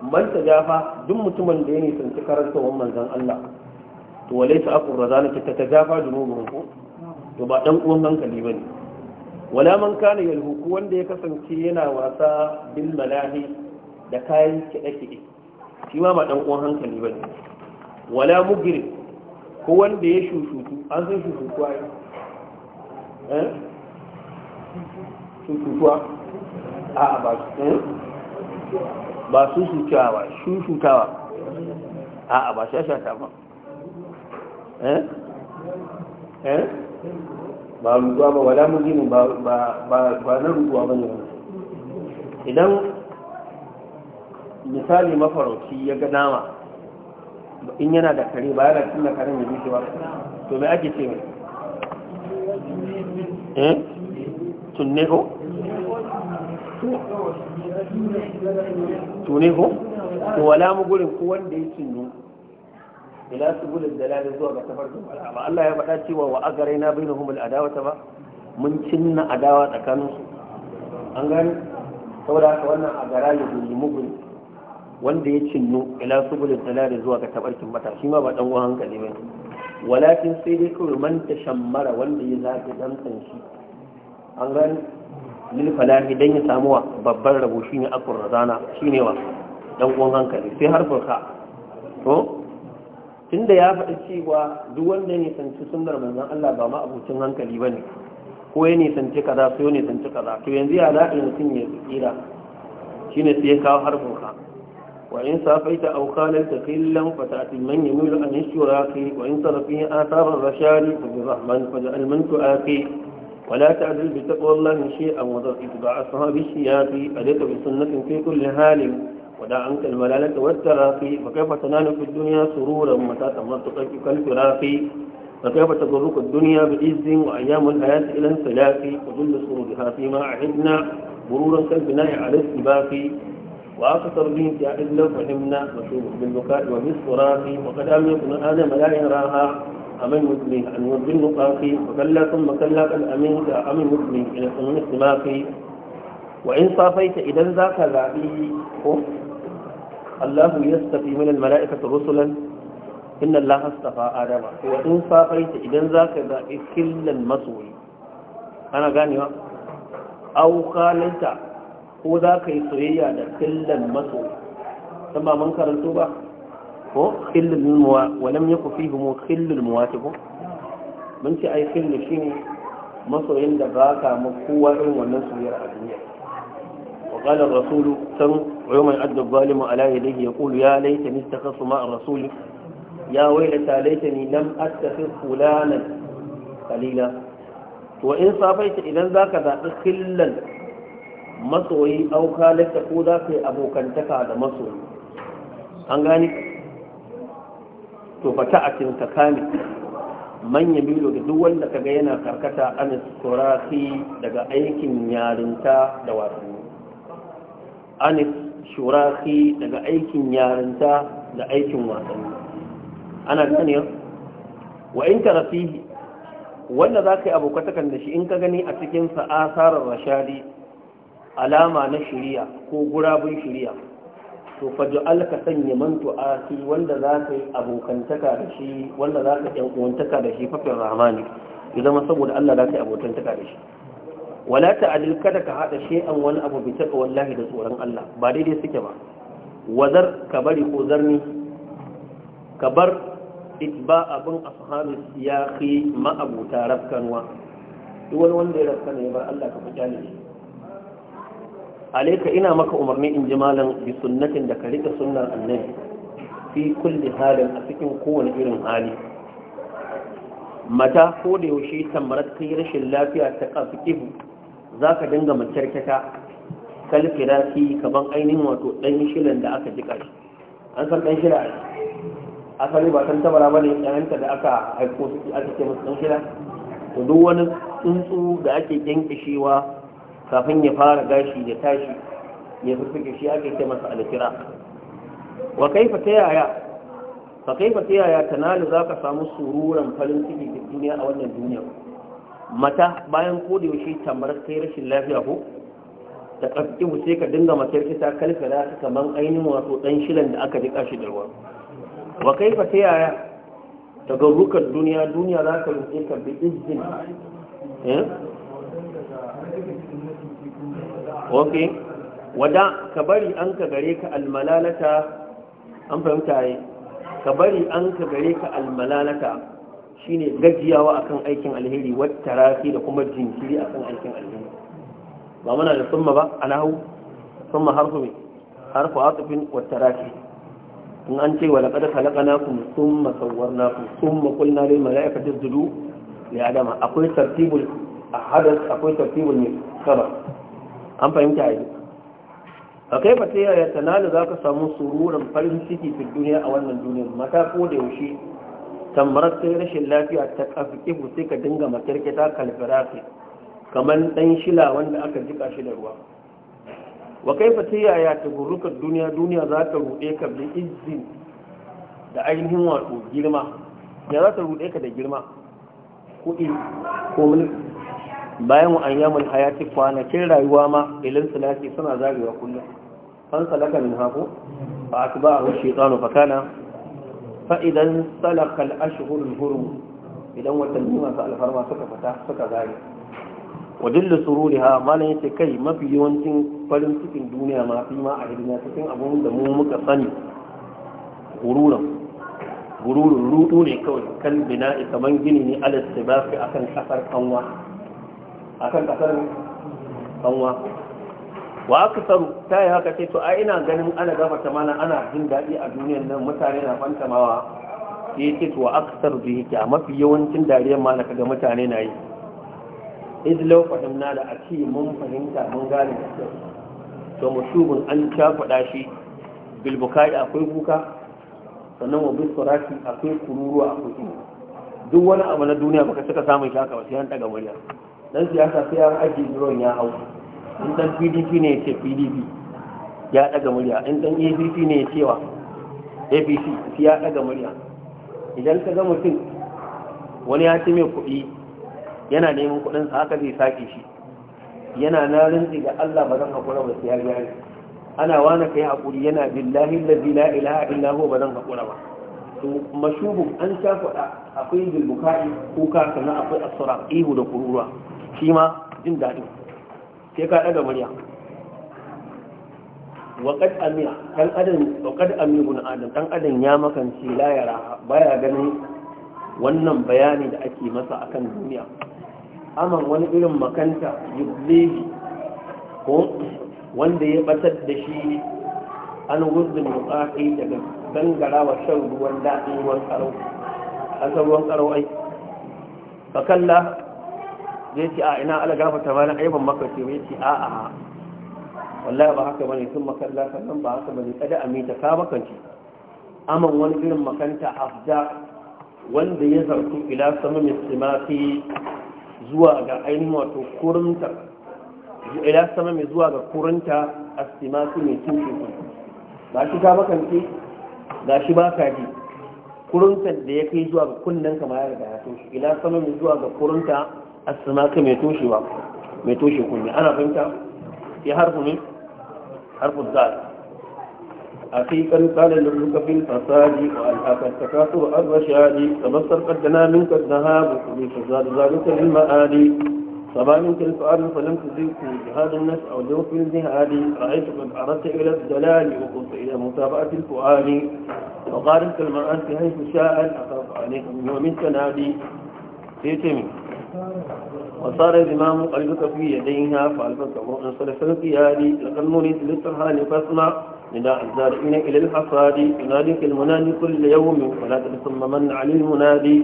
man ta jafa duk mutumin da ya ne nisanci karantawar manzon Allah to walaysa ta razalati tatagafa junubuhum ku to ba dan uwan hankali bane wala man kana yalhu ko wanda ya kasance yana wasa bil malahi da kayan kiɗe kiɗe shi ma ba dan uwan hankali bane wala mugri ko wanda ya shushutu an san shushutu ai eh shushutuwa a ba ba su shushutuwa eh? shushutawa shushutuwa a ba shashata ba Eh? Eh? ba rutuwa ba wala ba na ba ne idan misali mafarauci ya ga nama in yana da kare ba yana cin da karen ya shi ba to mai ake ce mai eh tunne ko tunne ko to wala mugulin ko wanda ya cinye ila subul dalal zuwa ga tafarkin bala ba Allah ya faɗa cewa wa agaraina bainahum al ta ba mun cinna adawa tsakanin su an gani saboda haka wannan agara ya guri mugun wanda ya cinno ila subul dalal zuwa ga tafarkin mata shi ma ba dan uwan hankali bane walakin sai dai kawai man tashammara wanda ya zaki dantsan shi an gani lil falahi dan ya samu babban rabo shine akur razana shine wa dan uwan hankali sai harfin ka to tunda ya faɗi cewa duk wanda ya nisanci sunnar manzon Allah ba ma abucin hankali ba ne ko ya nisanci kaza so ya nisanci kaza to yanzu ya zaɓi mutum ya tsira shine sai ya kawo harfin ka wa in safaita aw kai taqillan a ta'ti man yamilu an yushraki wa in a athara rashari fa bi rahman fa ja'al man tu'aqi wa la ta'dil bi taqwa Allah shay'an wa dhar itba'a sahabi shiyafi alayka bi sunnatin fi kulli halin ودا عنك الملالة والتراقي فكيف تنال في الدنيا سرورا متى تمرتك كالفراقي فكيف تضرك الدنيا بعز وأيام الحياة إلى انسلاك وجل سرورها فيما عهدنا مرورا كالبناء على السباق وأكثر يا جائز لو فهمنا مشروب بالبكاء وبالصراخ وقد لم يكن آدم لا يراها أمن مثلي أن يرضي النقاق وكلا ثم كلا كالأمين كأمن مثلي إلى ثمن اختماقي وإن صافيت إذا ذاك ذعبي Allahu yastafi min al-mala'ikati rusulan inna Allah astafa Adama wa in safaita idan zaka zabi killan masoyi ana ganewa aw qalanta ko zaka yi soyayya da killan masoyi san ba mun karanto ba ko khillul muwa wa lam yakun fihim khillul muwatiqu mun ce ai khillu shine masoyin da ba ka mu kowa wannan soyayya a duniya وقال الرسول سم ويوم يعد الظالم على يديه يقول يا ليتني اتخذت مع الرسول يا ويلتى ليتني لم اتخذ فلانا قليلا وان صافيت اذا ذاك ذاك خلا masoyi auka ko za yi abokantaka da masoyi an gani to fata a cin kame manyan milo da duk wanda kaga yana karkata an turafi daga aikin yarinta da wasanni Anis shurahi daga aikin yarinta da aikin wasanni ana gani wa in ka rafihi wanda za ka yi abokatakan da shi in ka gani a cikin asarar rashadi alama na shirya ko gurabun shirya to fajo alka sanya mantu asi wanda za ka yi abokantaka da shi wanda za ka yi abokantaka da shi fafin rahmani ya zama saboda allah za ka yi abokantaka da shi wala ta'adil kada ka hada shay'an wani abu bi taka wallahi da tsoron Allah ba daidai suke ba wazar ka bari ko zarni ka bar itba abin ashabi siyaqi ma abuta rafkanwa duk wani wanda ya rafkana ya bar Allah ka fita ne alaika ina maka umarni in ji bi sunnatin da ka rika sunnar annabi fi kulli halin a cikin kowane irin hali mata ko da yaushe tamarat kai rashin lafiya ta kafi kihu za ka dinga kyata kalkira fi kaban ainihin wato ɗan shirin da aka jika shi an san ɗan shila asali ba san tabara ba ne ɗananta da aka haiko suke aka ce masu ɗan shila to duk wani tsuntsu da ake kyankishewa kafin ya fara gashi da tashi ya fuffuke shi ake ce masa alkira wa kaifa ta yaya fa kaifa ta yaya tanalu za ka samu sururan farin ciki da duniya a wannan duniya mata bayan ko da yaushe tamar kai rashin lafiya ko ta ƙarfi sai ka dinga matar ta kalfa da ta kamar ainihin wato ɗan shilan da aka jiƙa shi da ruwa wa kai fa ta yaya ta garukar duniya duniya za ka rufe ka bi izin eh? ok wada ka bari an ka gare ka almalalata an fahimta yi ka bari an ka gare ka almalalata shine gajiyawa akan aikin alheri wata rafi da kuma jinkiri akan aikin alheri ba mana da summa ba a nahu summa harfu mai harfu atufin wata rafi in an ce wa laƙada halakana ku summa sauwarna ku summa kulna lil mala'ika tasjudu li adama akwai tartibul hadas akwai tartibul ne kaba an fahimta a yi a kai ba sai yaya tana da za ka samu sururin farin ciki fi duniya a wannan duniyar mata ko da yaushe tambarar sai rashin lafiya ta kafi sai ka dinga makarkita kalfirafi kamar ɗan shila wanda aka jika shi da ruwa wa kai fa sai yaya ta burukar duniya duniya za ta ruɗe ka bi izin da ainihin wato girma ya za ta ruɗe ka da girma kuɗi ko mini bayan wa ayyamul hayati kwanakin rayuwa ma ilin salati suna zagewa kullum fan salakan min a fa atba'ahu fa'idan salakal ashirin hurum idan watanni masu alfarma suka fita suka zare wajen da sururi ha mana yace kai mafi yawancin farin cikin duniya ma fi ma a hirina cikin abun da mu muka sani gururan gururin rudu ne kawai kan bina gini ne alas ta ba akan kasar kanwa akan kasar kanwa wa aka saru ta yi haka ce to a ina ganin ana ta mana ana jin daɗi a duniyar nan mutane na fantamawa ya yi ce to wa aka saru da yake a mafi yawancin dariyar ma kaga mutane na yi izlau na da a ce mun fahimta mun gane to mushubun an shafaɗa shi bilbukai akwai kuka sannan wa bisfarashi akwai kururuwa a kuma duk wani abu na duniya baka cika samun shaka ba sai an daga murya dan siyasa sai an ajiye duron ya hau in dan pdp ne ya ce pdp ya daga murya in dan apc ne ya cewa apc ya daga murya idan ka ga mutum wani ya ci mai kuɗi yana neman kuɗin sa haka zai sake shi yana na rinzi ga Allah ba zan haƙura ba sai ya gani ana wani kai hakuri yana billahi lazi la ilaha illa huwa ba zan haƙura ba to mashubu an sha faɗa akwai bilbukai kuka sannan akwai asura ihu da kururuwa shi ma jin daɗin sai ka daga murya waƙad Amir ɗan adam ɗan adam ya makance la baya ganin wannan bayani da ake masa akan duniya aman wani irin makanta yublehi ko wanda ya batar da shi an wuzdin mutsaƙi daga gangara wa shan ruwan daɗin ruwan ƙarau an ruwan ƙarau ai bakalla ya ce a ina ala gafarta malam ai aibin maka ce ya ce a a wallahi ba haka bane sun makalla sannan ba haka bane kada amita ka bakanci aman wani irin makanta afda wanda ya zartu ila sama mai zuwa ga ainihin wato kurunta ila sama mai zuwa ga kurunta a simafi mai tushe ba shi ka bakanci ga shi ba ka ji kurunta da ya kai zuwa ga kunnen ma ya riga ya tushe ila sama mai zuwa ga kurunta السماء كم يتوشي ما يتوشي كل أنا فهمت في حرف من حرف الضال حقيقا قال لك في الفساد والحق التكاثر الرشاد تبصر قد جنى منك الذهاب بفساد ذلك للمآلي صبا منك الفؤاد فلم تزيد جهاد النفس او جو في الجهاد رايت قد عرضت الى الدلال وقلت الى متابعه الفؤاد وقارنت المرأة حيث شاءت اخاف عليك من يوم تنادي في وصار الإمام قلبك في يديها فألبس امرؤ صرف القيادي لقد مريت للسرحان فاسمع نداء الزارعين إلى الحصاد في المنادي كل يوم ولا تلثم من على المنادي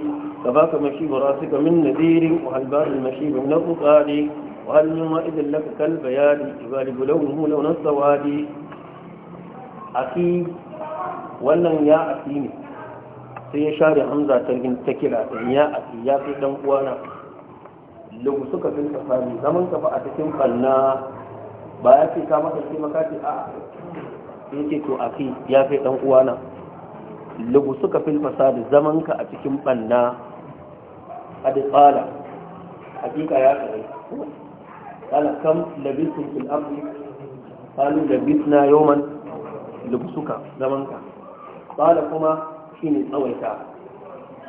كفاك مشيب راسك من نذير وهل بار المشيب من الفقاد وهل يومئذ لك كالبياد يغالب لونه لون السواد أخي أكيد يا أكيد ne sai ya share يا أكيد يا أكيد يا ya fi lau suka fi tsakani zaman ka ba a cikin kanna ba ya ce ka masa ce maka ce in yake to a fi ya fi dan uwana Lugu suka fi fasadi zaman ka a cikin banna a da tsala hakika ya tsare قال كم لبثتم في الأرض قالوا suka zaman ka tsala kuma shi ne tsawaita.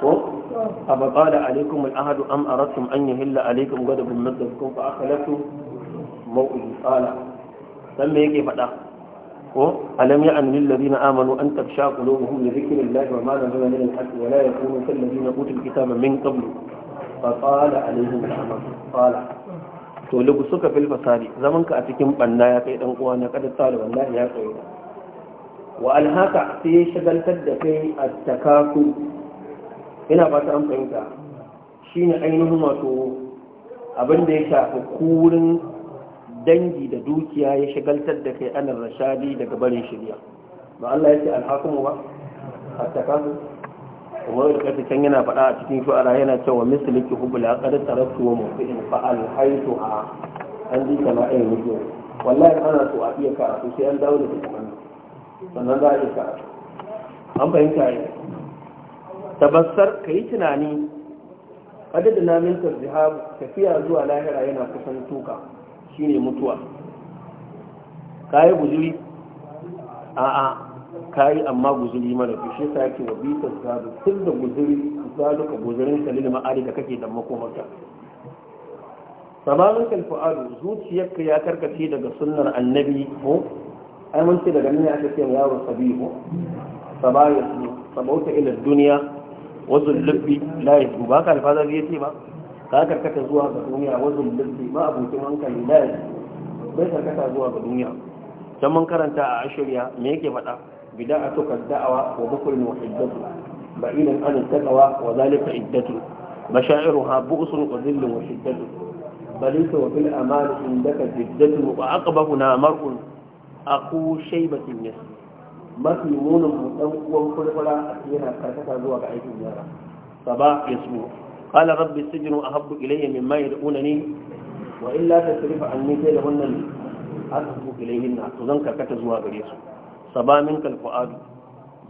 ko abu qala alaikum al-ahadu am aradtum an yahilla alaikum ghadabun min kun fa akhlaftu maw'idi qala San me yake faɗa ko alam ya'an lil ladina amanu an tafsha qulubuhum li dhikrillahi wa ma nazala min al-haqq wa la yakunu kal ladina utul kitaba min qablu fa qala alaihim al-amr qala to lugu suka fil fasadi zaman ka a cikin banna ya kai dan uwa na kada tsala wallahi ya tsaye wa alhaka sai ya shagaltar da kai a takasu ina ba ta an fahimta shi ne ainihin wato abin da ya shafi kurin dangi da dukiya ya shagaltar da kai anar rashadi daga barin shirya ba Allah ya ce alhakumu ba hatta kasu umar da karfi can yana faɗa a cikin shu'ara yana cewa misliki hubul aqad taraktu wa mu'min fa alhaytu ha an ji kama ayin mutu wallahi ana so a iya karatu sai an dawo da kuma sannan za a iya karatu an fahimta ne tabassar ka yi tunani adadin namin tarjihar tafiya zuwa lahira yana kusan tuka shine mutuwa ka yi guzuri a'a ka yi amma guzuri mara fi shi sake wa bitar zalu tun da guzuri ka guzurin salil ma'ari da kake da makomarka samanin kalfa'alu zuciyarka ya karkace daga sunnar annabi ko ai mun ce daga nan aka ce yaro sabihu sabaya sabauta ila duniya wasu lubbi layin ya su ba ka alfazar ya ce ba ka karkata zuwa ga duniya wasu lubbi ba abokin hankali layin ya bai karkata zuwa ga duniya can mun karanta a ashirya me yake faɗa bida a tukar da'awa wa bukurin wa iddatu ba ilin an takawa wa zalika iddatu ha bu'sun wa zillun wa shiddatu بليس وفي الأمان عندك جدة وأقبهنا مرء أخو شيبة النسل mafi munin mu dan uwan furfura yana karkata zuwa ga aikin yara saba yasu qala rabbi sijnu ahabbu ilayya mimma yad'unani wa illa tasrif anni kaydahunna asbu ilayhinna to zan karkata zuwa gare su saba min kalfuad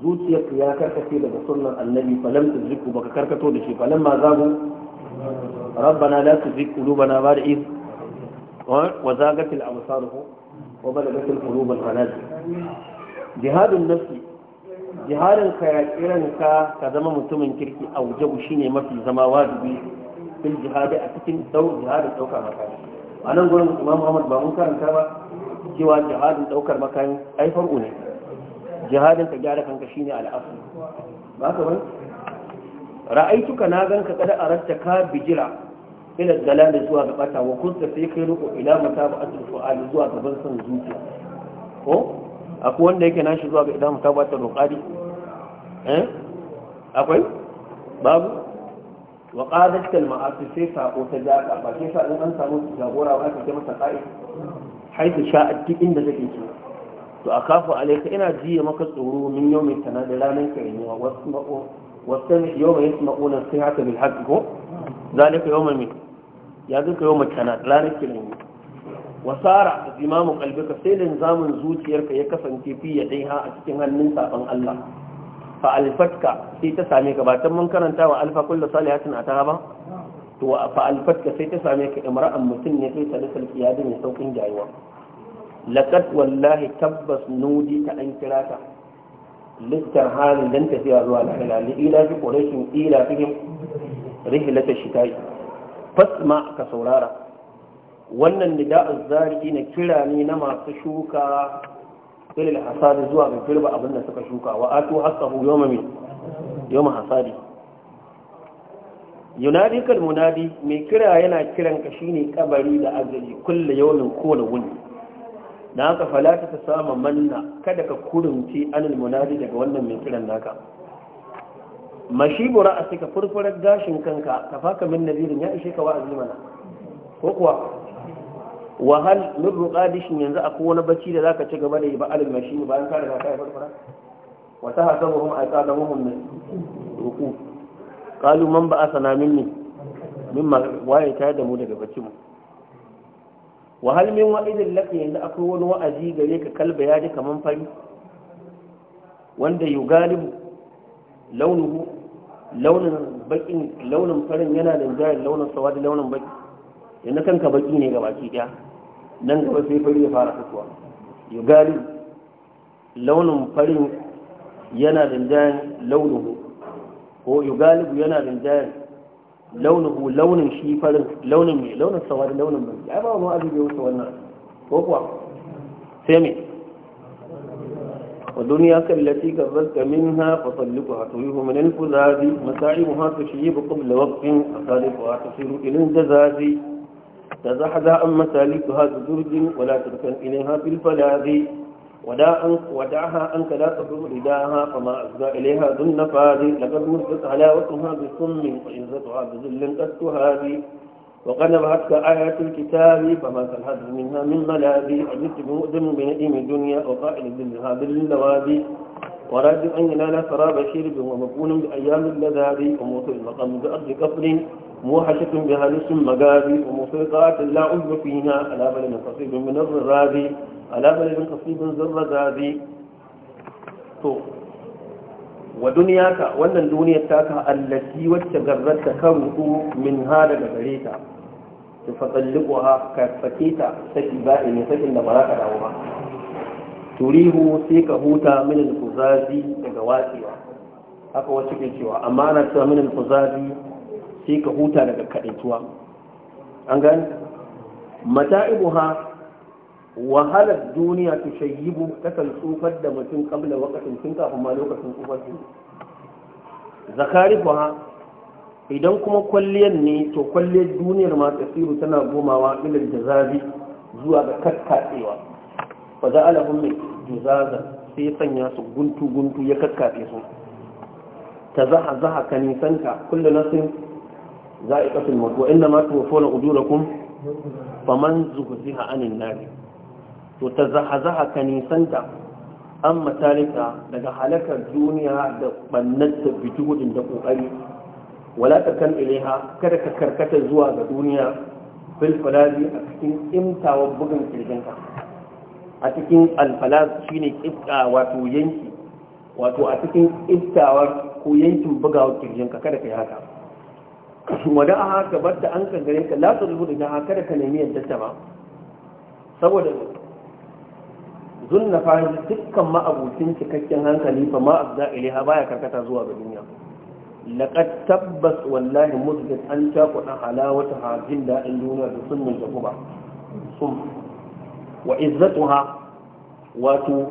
zuciyarka ya karkace daga sunnar annabi falam tuzikku baka karkato da shi falam ma zagu rabbana la tuzigh qulubana ba'da idh wa zagatil absaruhu wa balagatil qulubul hanajir jihadun nafsi jihadin ka ya ka ka zama mutumin kirki a shi shine mafi zama wajibi fil jihadi a cikin dau jihadin daukar makami a nan gurin imam muhammad ba mun karanta ba cewa jihadin daukar makami ai farko ne jihadin ka gyara kanka shine al'afu ba ka bane ka na ganka kada aratta ka bijira ila dalali zuwa ga bata wa kunta sai kai ruku ila mata ba atul zuwa gaban san zuciya ko akwai wanda yake nashi zuwa ga idan ta bata rukari? eh akwai babu wa qadat al ma'asi sai sako ta jaka ba sai sa dan samu jagora ba ka masa kai haitu sha'at duk inda zake so to akafu alayka ina jiya maka tsoro min yau mai tana da ranar kai wa wasu mako wasu yau mai yasma na sai haka bil haqqi ko zalika yau mai ya zuka mai tana ranar kai ne wasara imamu qalbika sai linzamin zuciyarka ya kasance fi yadaiha a cikin hannun saban Allah fa alfatka sai ta same ka ba ta mun karanta wa alfa kullu salihatin ataha ba to fa alfatka sai ta same ka imra'an mutum ne sai ta da salkiyadi mai saukin jayuwa laqad wallahi tabbas nudi ta an kira ka littar halin dan tafiya zuwa lahira li ila fi quraishin ila fihim rihlata shitai fasma ka saurara wannan nida'uz na kira ne na masu shuka filin hasadi zuwa mai firba abin suka shuka wa haka hu yoma mai yoma hasadi yunadi munadi mai kira yana kiran ka shine kabari da azali Kulle yawmin ko da wuni Na haka falata ta sama manna kada ka kurunci anil munadi daga wannan mai kiran naka mashibura a suka furfurar gashin kanka ka faka min nazirin ya ishe ka wa'azi mana ko kuwa wa hal min ruqadishin yanzu akwai wani bacci da zaka ci gaba da yi ba alal mashin bayan ka riga ka yi farfara wa tahasabuhum aqadamuhum min ruku qalu man ba'athana minni mimma waye ta da mu daga bacci mu wa hal min wa'idin laka yanzu akwai wani wa'azi gare ka kalba ya ji kaman fari wanda yugalibu launuhu launin bakin launin farin yana da jayar launin sawadi launin baki yanzu kanka baki ne ga baki daya nan gaba sai fari ya fara fitowa yugali launin farin yana da rinjayen launuhu ko yugalibu yana rinjayen launuhu launin shi farin launin mai launin sawari launin mai ya ba wani abin da wuce wannan ko kuwa sai mai ودنيا التي كذبت منها فطلقها تريه من الفزاز مساعي محاط بقبل وقت أصادفها تصير إلى الجزاز تزحزح عن مسالكها بزرج ولا تركن إليها بالفلاذ وداء ودعها أنك لا تضر رداها فما أسدى إليها ذو النفاذ لقد مزت علاوتها وإن وعزتها بذل قد تهادي وقد نبعتك آيات الكتاب فما تلحد منها من ملاذي أجدت بمؤذن بنئيم الدنيا وقائل ذلها باللوادي وراجع أن لا سراب شرب ومكون بأيام اللذاذ وموت المقام بأرض كفر موحشة بهلس مقابي ومفرقات لا عذب فيها على بلد قصيب من الرذاذي على بلد قصيب ذر ذاذي wa duniyaka wannan duniyar taka allati wacce garrarta kan ruku min ha daga gare ta ki fatsalliku ha ka sake ta saki za'i ne sakin da ba za ka dawo ba turihu sai ka huta min al daga watsewa haka ke cewa amma ana sai ka huta daga kaɗaituwa an gani mata'ibuha wahalar duniya ta shayyibu takan tsufar da mutum kabla wakatin tun kafin ma lokacin tsufar su zakari kuwa idan kuma kwalliyar ne to kwalliyar duniyar ma tasiru tana gomawa ilil da zabi zuwa ga kakkaɓewa. ba za alahun mai juzaza sai sanya su guntu-guntu ya kakkaɓe su ta zaha zaha ka nisanta kullu nasin ذائقة الموت وإنما توفون أجوركم فمن زهزها عن النار وتزحزح كنيسانتا أما ثالثا لك حلك الدنيا بنت بجهد دقوقي ولا تكن إليها كرك كركة زوا الدنيا في الفلاذ أكتن إمتى وبغن كرجنتا أتكن الفلاذ شيني إبقى واتو ينكي wato a cikin iftawar ko yankin bugawar kirjinka kada ka yi haka wada a haka da an kan gare ka latsa rubu da haka da ka nemi yadda ta ba saboda zunna fahim dukkan ma'abucin cikakken hankali fa ma abda baya karkata zuwa ga duniya laqad tabbas wallahi muzgid an ta kuɗa halawata hajin daɗin duniya da sunnin da kuma sun wa izzatuha wato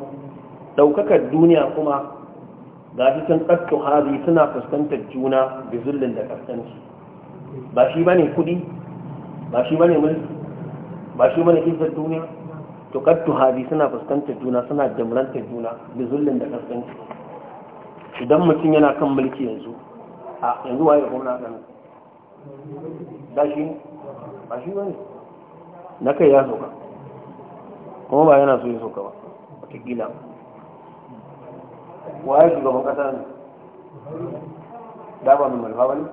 ɗaukakar duniya kuma ga shi ƙasto hali suna fuskantar juna da zullun da ƙasƙanci ba shi bane kudi ba shi bane mulki ba shi bane kisar duniya to kaddu hadi suna fuskantar juna suna jamrantar juna da zullun da kasance idan mutum yana kan mulki yanzu a yanzu waye gwamna kan da shi ba shi ne na kai ya soka kuma ba yana so ya soka ba watakila waye shugaban kasa ne da ba mai malfa ba ne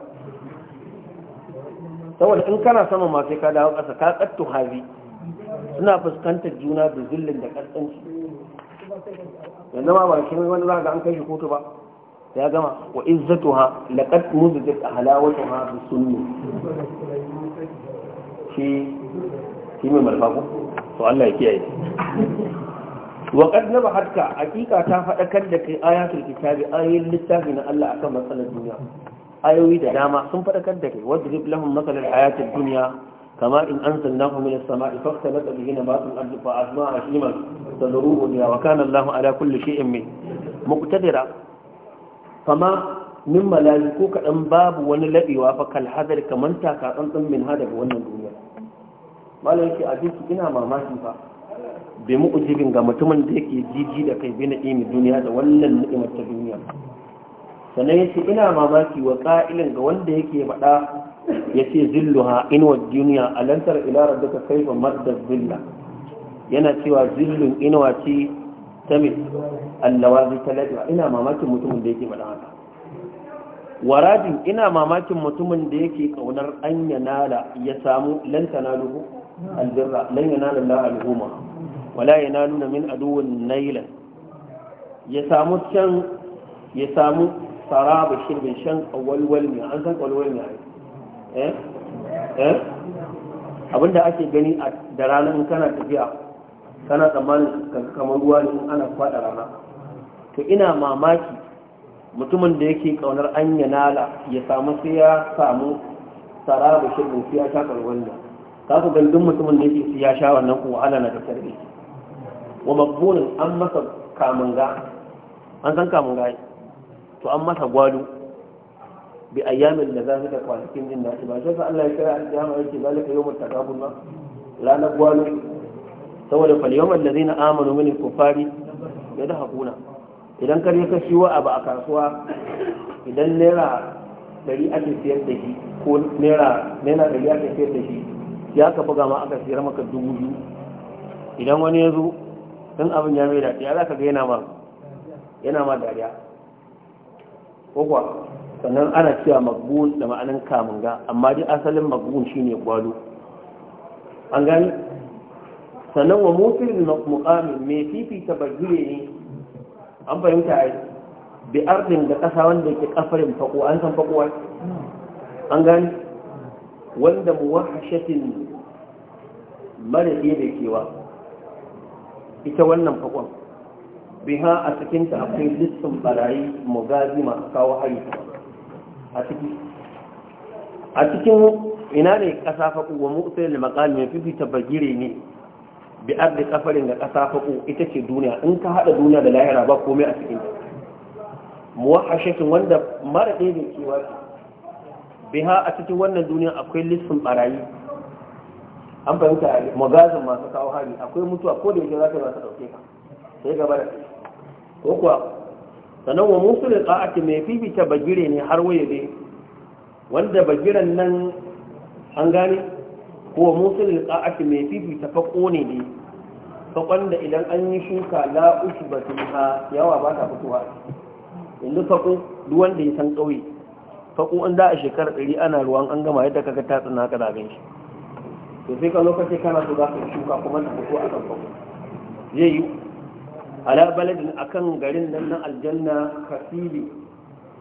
saboda in kana sama ma sai ka dawo ƙasa ka kattu hazi suna fuskantar juna da zillin da ƙasƙanci yanzu ma ba shi wani za ga an kai shi kotu ba ya gama wa izzatu ha laqad muzijat halawatu ha bi sunni shi shi mai malfa ko to Allah ya kiyaye wa qad nabahatka hakika ta faɗakar da kai ayatul kitabi ayoyin littafi na Allah akan matsalar duniya ayoyi da dama sun faɗakar da kai wadda rib lahum masalan hayatid dunya kama in anzalnahu min as-sama'i fakhtalata bihi nabatul ardi fa asma'a hashiman tadruhu biha wa kana Allahu ala kulli shay'in mai muktadira fama min malayi ko kaɗan babu wani laɓewa fa kal hadar kamar taka tsantsan min ha daga wannan duniya malam yake a ina mamakin fa bai mu'ujibin ga mutumin da yake jiji da kai bi na duniya da wannan ni'imar ta duniya sannan yace ina mamaki wa qa'ilin ga wanda yake faɗa yace zilluha in wa dunya alantar ila rabbika kayfa madda zilla yana cewa zillun inwa ce ta mai allawazi talabiya ina mamakin mutumin da yake faɗa haka waradin ina mamakin mutumin da yake kaunar an yanala ya samu lantana duhu albirra lan yanala la al'umma wala yanaluna min aduwwin nailan ya samu can ya samu sarabu shirbin shan walwal ne an san walwal ne eh eh abinda ake gani a da ranar in kana tafiya kana tsammanin kamar ruwa ne ana kwada rana to ina mamaki mutumin da yake kaunar an yanala ya samu sai ya samu sarabu shirbin sai ya sha walwal ne ka ku duk mutumin da yake sai ya sha wannan ko wahala na da sarki wa maqbulun an masa kamunga an san kamunga to an masa gwado bi ayyamin da za su da kwanakin jin daɗi ba shi Allah ya kira alƙiyama yake zalika yawmut takabun ba ranar gwado saboda fal yawmal na amanu mini kufari haƙuna idan kar ya kashi wa abu a kasuwa idan naira ɗari ake siyar da shi ko naira naira ɗari ake siyar da shi ya ka buga ma aka siyar maka dubu biyu idan wani ya zo in abin ya mai daɗi ya za ka ga yana ma yana ma dariya kuwa sannan ana cewa magbun da ma'anin kamun ga amma dai asalin magbun shine gwalo an gani sannan wa mufil muqamin me fifita bagire ne an fahimta ai bi ardin da kasa wanda yake kafarin fako an san fako an gani wanda muwahashatin mara iya da kewa ita wannan fakon biha a cikinta akwai listin barayi mugazi masu kawo hari a ciki a cikin ina ne kasa faƙo wa mutsayar makali mai fifita bagire ne bi ardi kafarin da kasa faƙo ita ce duniya in ka haɗa duniya da lahira ba komai a cikin cikinta muwahashakin wanda mara ɗaya ne kewa biha a cikin wannan duniya akwai listin barayi an fahimta magazin masu kawo hari akwai mutuwa ko da yake za ka yi masu ɗauke ka sai gaba da kai ko kuwa sannan wa musulun ƙa'ati mai fifita bagire ne har waye ne wanda bagiran nan an gane ko wa musulun ƙa'ati mai fifita fako ne ne fakon da idan an yi shuka la'ushi ba su ha yawa ba ta fitowa yanzu fako duk wanda ya san ƙauye fako an da a shekarar ɗari ana ruwan an gama yadda kaga ta tsina ka zagen shi to sai ka lokaci kana so za ka shuka kuma ta fito a kan fako zai yi ala baladin akan garin nan na aljanna kafili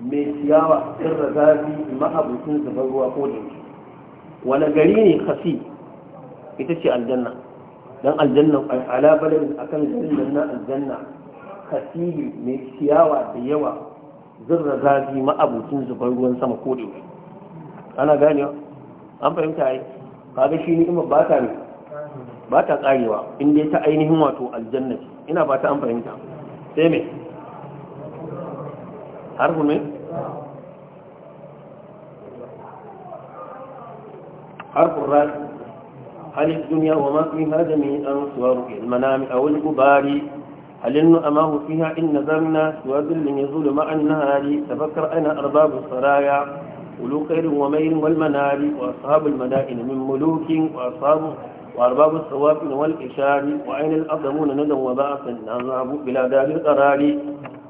mai ciyawa sun razafi ma'abucin zubar ruwa ko da wani gari ne kasi ita ce aljanna dan aljanna ala baladin akan garin nan na aljanna kafili mai ciyawa da yawa zirra zafi ma'abucin zubar ruwan sama ko da ana gane an fahimta ai kaga shi ni'imar ba ta ne ba ta karewa inda ta ainihin wato aljanna ce ina ba ta an fahimta sai ne harfi ne? harfin ra duniya wa masu yi hajjami an suwa rufe manami a wani gubari halinnu a mahu fiha zarna suwa zillin ya zuwa ma'an na hari tafakar aina arbabu saraya ulu kairin wa mairin wal manari wa asabul mada'in min mulukin wa asabun وأرباب الثواب والإشار وعين الأقدمون ندى وبعثا النظام بلا دار القرار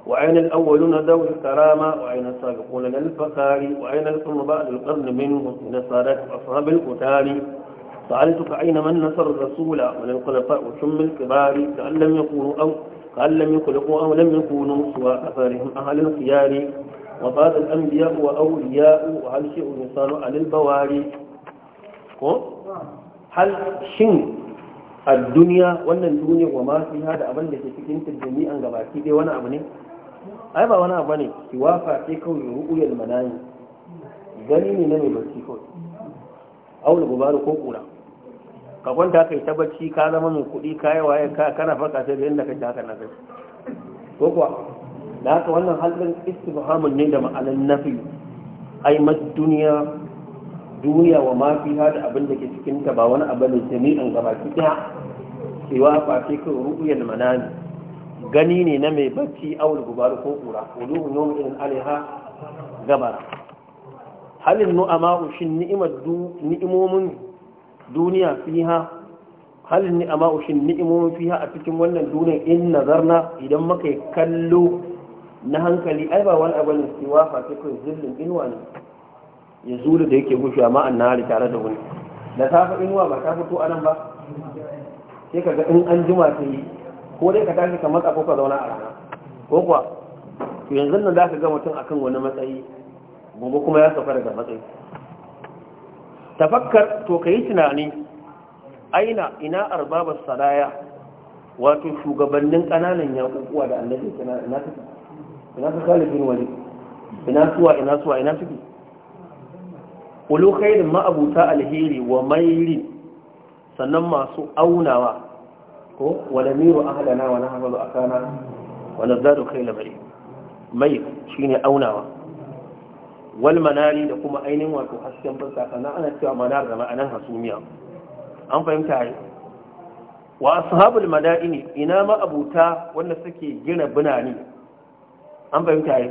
وعين الأولون ذوي الكرامة وعين السابقون للفخار وعين القرباء للقرن منهم من صارت أصحاب القتال سألتك أين من نصر الرسول من الخلفاء وشم الكبار كأن لم يكونوا أو قال لم يخلقوا أو لم يكونوا سوى أثارهم أهل الخيار وفات الأنبياء وأولياء وهل شيء يصال على البواري hal shin a duniya wannan duniya wa ma fi da abin da ke cikin tarjumi an gabaki dai wani abu ne ai ba wani abu ne wafa sai kawai ru'uyar manani gani ne na mai barci kawai aula gubaru ko kura ka kwanta kai ta bacci ka zama mai kuɗi ka yi waye ka kana farka sai da yadda kake haka na kai ko kuwa da haka wannan halin istibhamun ne da ma'anar nafi ai mad duniya duniya wa mafi da abin da ke cikinta ba wani abu ne jami'an gaba kiɗa cewa face kan ru'uyar manami gani ne na mai bacci awul gubar ko kura wuduhun yawon irin alaiha gabara halin nu'ama ushin ni'imomin duniya fiha halin ni'ama ushin ni'imomin fiha a cikin wannan duniya in nazarna idan muka kallo na hankali ai ba wani abu ne cewa face kan zillin inuwa ne ya zura da yake gushewa ma an nari tare da wani da safe inuwa ba ta fito anan ba sai ka ga in an jima ta yi ko dai ka tashi ka matsa ko ka zauna a rana ko kuwa to yanzu nan za ka ga mutum akan wani matsayi gobe kuma ya sauka daga matsayi tafakkar to ka yi tunani aina ina arbabar sadaya wato shugabannin ƙananan yakukuwa da annabi ina suka kalifin wani ina suwa ina suwa ina suke ulu khairin ma'abuta alheri wa mairi sannan masu aunawa ko miro wala miru ahlana wa nahmalu akana wa nazadu khayla bari mai shi ne aunawa wal manari da kuma ainihin wato hasken fuska sannan ana cewa manar da ma'anan hasumiya an fahimta yi wa ashabul madaini ina ma wanda suke gina binani an fahimta yi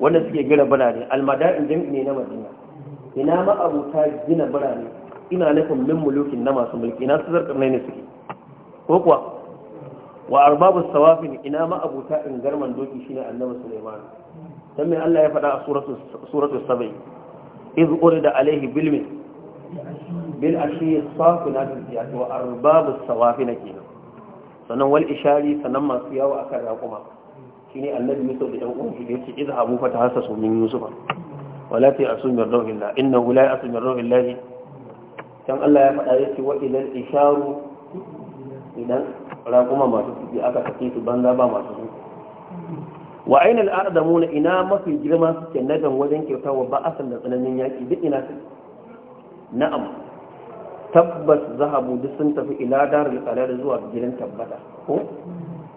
wanda suke gina binani al madain jam'i ne na madina ina ma abota gina birane ina nufin min mulukin na masu mulki ina su zarkar ne suke ko kuwa wa arbabu sawafin ina ma abota in garman doki shine annabi Sulaiman dan mai Allah ya faɗa a suratu suratu sabai iz urida alaihi bilmi bil ashi safinat al wa arbabu sawafin kenan sanan wal ishari sanan masu yawo akan raƙuma shine annabi Yusuf da ɗan uwan shi da yake izhabu fa tahassasu min Yusufa wala ta asu min rauhillah innahu la asu min rauhillah dan Allah ya faɗa yace wa ilal isharu idan raƙuma masu ciki aka sake su banza ba masu su wa ainihin al'adamuna ina mafi girma suke nadan wajen kyautawa wa ba'asan tsananin yaƙi duk ina na'am tabbas zahabu duk sun tafi ila darul qarar zuwa gidan tabbata ko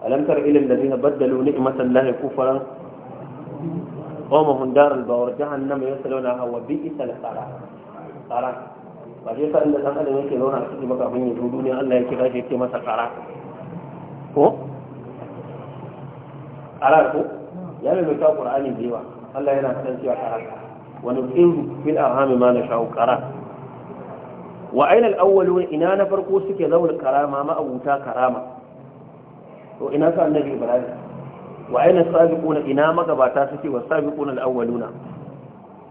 alam tar da ladina baddalu ni'matan lahi kufran qawmuhum daral bawar jahannama yaslawnaha wa bi'sal qarar qarar ba je sa inda dan adam yake zauna a cikin makafin ya zo duniya Allah ya kira shi ya ce masa qarar ko qarar ko ya mai ta qur'ani da yawa Allah yana fadan cewa qarar wa nuqimu fil arham ma nasha'u qarar wa aina al-awwalun ina na farko suke zawul karama ma karama ina ibrahim wa aina sabiquna ina magabata suke wa sabiquna al-awwaluna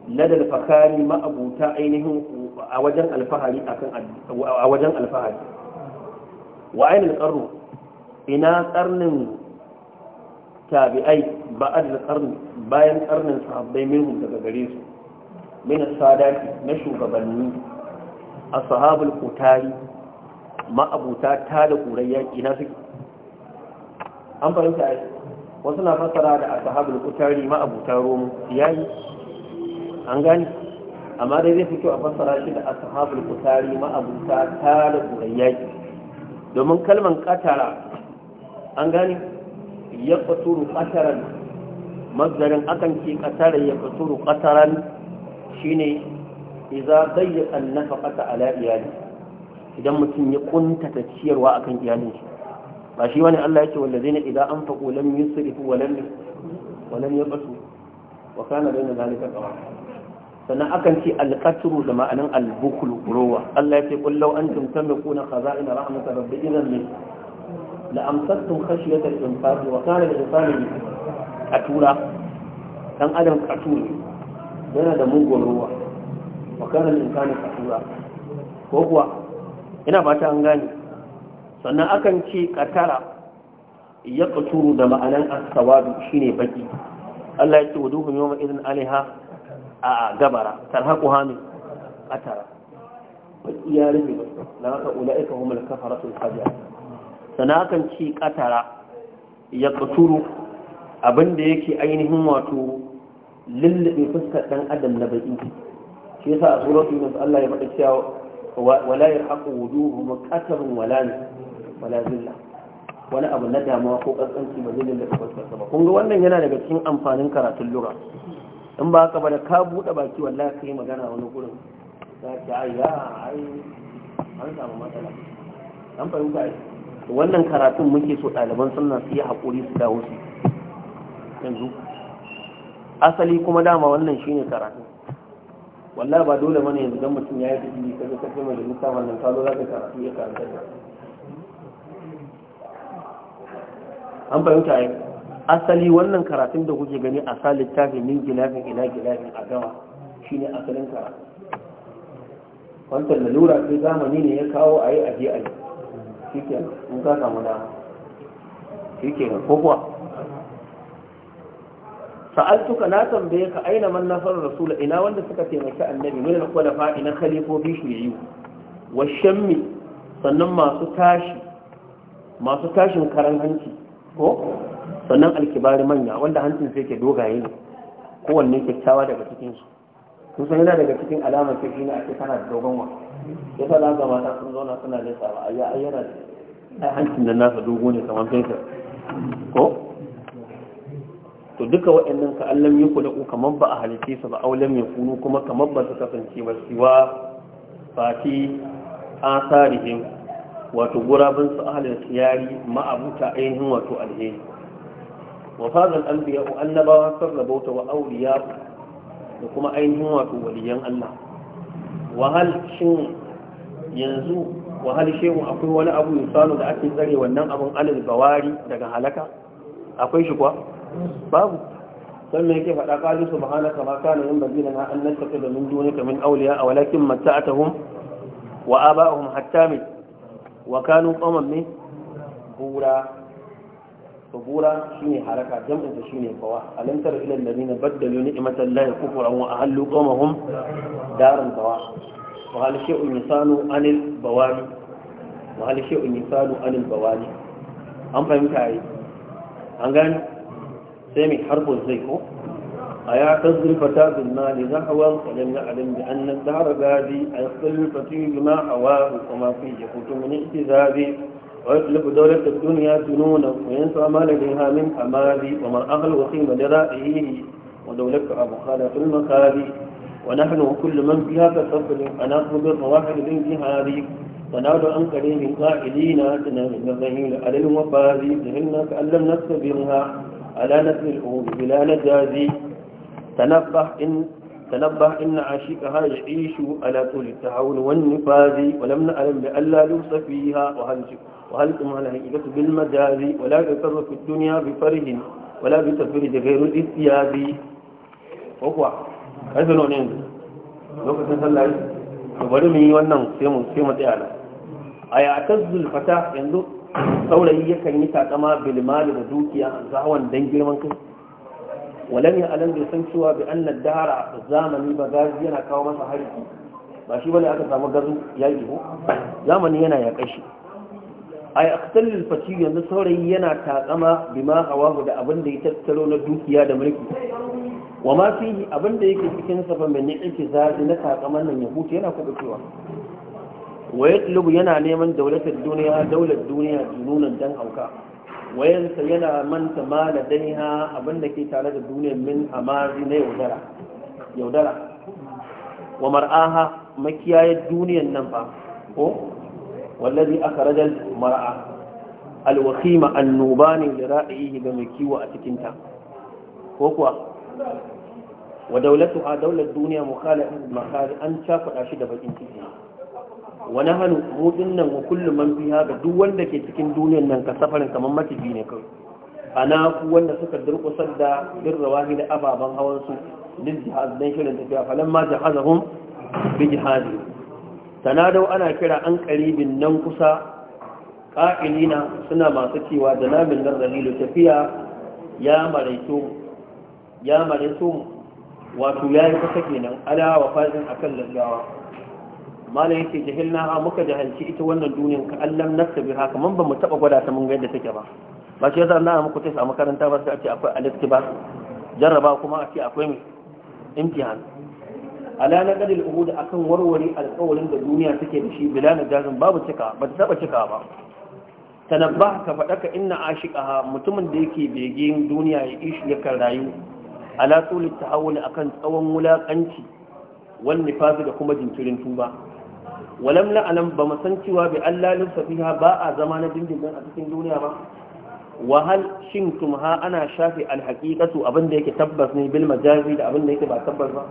ladal fakari ma'abuta ainihin a wajen alfahari akan a wajen alfahari wa aina al-qarru ina qarnin tabi'ai ba'ad al-qarni bayan qarnin sahabbai minhum daga gare su min as-sadati na shugabanni ashabul qutari ma'abuta ta da kurayya ina suke an fahimta wasu na fasara da ashabul kutari ma abuta romu yi an gani amma dai zai fito a fassara shi da ashabul kutari ma abuta da burayyaki domin kalman katara an gani ya qaturu kataran mazgarin akan ke katara ya qaturu qataran shine idza dayyaqa an-nafaqata ala iyali idan mutum ya kuntata ciyarwa akan iyalin shi ba shi wani Allah yake wanda zai idan an faƙo lam yusrifu wa lam wa lam yaqtu wa kana bayna zalika qawa sannan akan ce alqatru da ma'anan albukul rowa Allah yake qul law antum tamliquna khaza'ina rahmat rabbi idan min la amsaktum khashyata al-infaq wa kana al-insanu atura dan adam katuri yana da mugun ruwa wa kana al-insanu katura ko kuwa ina fata an gane sannan akan ce katara ya katuru da ma'anan asawabi shine baki Allah ya ce wuduhum yawma irin alaiha a gabara tarhaqu hami katara baki ya rufe na haka ulaika humul sun fajir sannan akan ce katara ya katuru abinda yake ainihin wato lullube fuskar dan adam na baki shi yasa a suratul nas Allah ya faɗa cewa wala yarhaqu mu qatarun wala wala zilla wani abu na damuwa ko kaskanci ba zilla da fuskarsa ba kun ga wannan yana daga cikin amfanin karatun lura in ba haka ba da ka buɗe baki wallahi yi magana wani gurin za ka ai ya ai an samu matsala an fahimta ai wannan karatun muke so ɗaliban sunna su yi haƙuri su dawo su yanzu asali kuma dama wannan shine karatu wallahi ba dole mana yanzu dan mutum ya yi tafi kaga kace mai majalisa wannan za ka karatu ya karanta an fahimta yi asali wannan karatun da kuke gani a sa littafin min gilafin ila gilafin a gama shine asalin karatu wancan lalura ce zamani ne ya kawo a yi a a yi shi ke in ka samu dama shi ke ko kuwa sa'altuka na tambaye ka aina man nasarar rasula ina wanda suka taimaki annabi min al-khulafa ina khalifofi yi wa shammi sannan masu tashi masu tashin karan hanci ko sannan alkibari manya wanda hancin sai ke dogaye ne kowanne kyakkyawa daga cikin su sun san yana daga cikin alamar ke shine ake kana da dogon wa ya sa zaka mata sun zauna suna nesa ba ayya ai hancin da nasa dogo ne kamar fesa ko to duka waɗannan ka allam yi ku kamar ba a halice su ba aulam ya kunu kuma kamar ba su kasance ba siwa fati asarihim wato gurabin su ahalin siyari ma'abuta ainihin wato alheri wa fadal anbiya wa annabawa sarrabauta wa auliya da kuma ainihin wato waliyan Allah wahal shin yanzu wahal shehu akwai wani abu ya yusanu da ake tsare wannan abin alal bawari daga halaka akwai shi kuwa babu sannan yake faɗa ƙali su bahana kama kana yin bazina na an nasta da min duniya min auliya a walakin mata a mata'atahum wa a hatta mai. Wakanu kanu qauman bura to bura shine haraka jam'in ta shine qawa alam tara ila alladhina baddalu ni'matan la yakufran wa ahallu qaumahum daran qawa wa hal shay'un yasanu anil bawani wa hal shay'un yasanu anil bawani an fahimta yi an gani sai mai harbo zai ko أيا تزري فتاة المال نحوا ولم يعلم بأن الدار بادي أيخلف فيه ما حواه وما فيه قلت من اعتذابي ويطلب دولة الدنيا جنونا وينسى ما لديها من حمادي وما أغل وخيم لرائه ودولك أبو خالق المخالي ونحن وكل من فيها أطلب أناخذ من الانتهابي ونعد عن قليل قائلين أتنا من الظهير على الوفاذ ذهلنا كأن لم على نسل الأول بلا نجازي تنبه إن تنبه إن عاشقها يعيش على طول التعاون والنفاذ ولم نعلم بألا لوس فيها وهل وهل تمهلهجة بالمجاز ولا يسر في الدنيا بفره ولا بتفرد غير الاستياذ وقوع هذا لون ينزل لو كنت صلى bari mu yi wannan sai mu sai mu tsaya nan a yatazzul fata yanzu saurayi yakan yi takama bil mali da dukiya zawan dan girman kai walam ya alam bai san cewa bi anna dara zamani ba yana kawo masa harki ba shi bane aka samu gazu ya yi ho? zamani yana ya kashi ay aqtalil fati yanzu saurayi yana takama bima hawahu da abin da ya tattaro na dukiya da mulki wa ma fihi abin da yake cikin sa mai min iktizazi na takaman nan ya huce yana kuma cewa wa yana neman dawlatar duniya daular duniya dununan dan hauka wayansa yana manta ma da daiha abinda ke tare da duniyar min amari na yaudara yaudara wa mar'aha makiyayar duniyar nan ba ko wallazi akhrajal mar'a annoba ne li ra'ihi ga mai kiwo a cikinta. ko kuwa wa daulatu a daular duniya mukhali an cakuɗa shi da bakin ciki wani hannu mudin nan wa kullum man fi haka duk wanda ke cikin duniyan nan ka safarin kamar matibi ne kawai ana ku wanda suka durkusar da dirrawahi da ababen hawan su lil jihaz dan shirin tafiya falan ma jihazahum bi jihazi tanadau ana kira an qaribin nan kusa qa'ilina suna masu cewa da namin nan dalilu tafiya ya maraito ya maraito wato yayi kusa kenan ala wa fazin akan lallawa malam yake jahilna muka muka jahilci ita wannan duniyar ka allam nafsa biha kaman ba mu taba gwada ta mun ga take ba ba shi yasa Allah muku tafi a makaranta ba sai a ce akwai al ba jarraba kuma a ce akwai mai imtihan ala na kadil uhud akan warware alƙawarin da duniya take da shi bila najazin babu cika ba ta taba cika ba tanabba ka faɗaka inna ashiqaha mutumin da yake begen duniya ya ishi ya kan rayu ala tuli tahawul akan tsawon wulakanci wani nifas da kuma jinkirin tuba walam na alam ba mu san cewa bi Allah lissafiha ba a zama na dindindin a cikin duniya ba wahal shin tumha ana shafi alhaqiqatu abin da yake tabbas ne bil majazi da abin da yake ba tabbas ba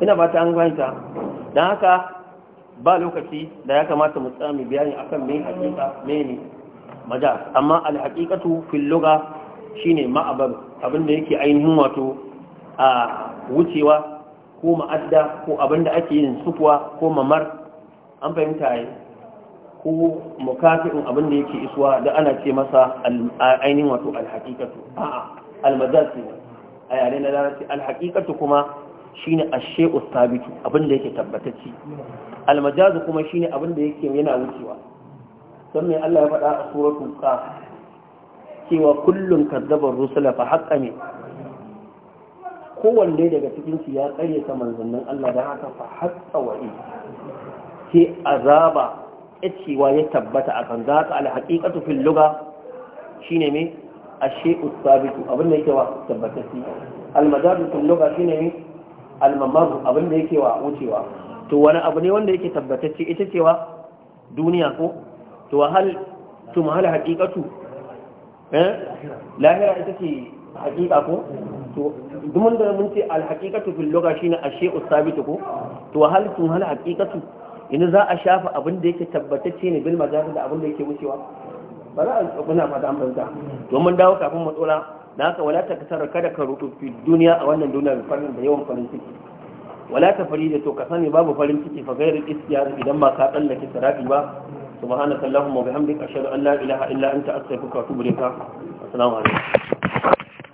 ina ba ta an fahimta dan haka ba lokaci da ya kamata mu tsami bayani akan me haqiqa me ne majaz amma alhaqiqatu fil lugha shine ma'abar abin da yake ainihin wato a wucewa ko ma'adda ko abin da ake yin sukuwa ko mamar an fahimta yi ko mukafi'in abin da yake isuwa da ana ce masa ainihin wato alhaƙiƙatu a'a almazasi a yare na larabci alhaƙiƙatu kuma shine ashe'u sabitu abin da yake tabbatacci almajazu kuma shine abin da yake yana wucewa don mai Allah ya faɗa a suratul qaf cewa kullum kazzabar rusula fa haƙa ne kowanne daga cikin ci ya ƙaryata manzannin Allah da haka fa haƙa wa'i sai azaba wa ya tabbata a kan zaka alhaƙiƙatu fil luga shine ne mai shayu thabitu abin da yake wa tabbatacci al-madadu fil luga shine ne mai almamaru abin da yake wa wucewa to wani abu ne wanda yake tabbatacci ita cewa duniya ko to hal tum hal haƙiƙatu eh lahira ita ce haƙiƙa ko to duk mun da mun ce alhaƙiƙatu haqiqatu fil lugha shine ash-shay'u ko to hal tun hal haƙiƙatu in za a shafa abin da yake tabbatacce ne bil majazi da abin da yake wucewa ba za a kuna fata an fahimta domin dawo kafin mu dora da haka wala ta kasar kada ka rutu fi duniya a wannan duniya bi farin da yawan farin ciki wala ta fari da to ka sani babu farin ciki fa gairin istiyar idan ba ka tsallake sirafi ba سبحانك اللهم وبحمدك أشهد أن لا إله a أنت أستغفرك وأتوب إليك السلام عليكم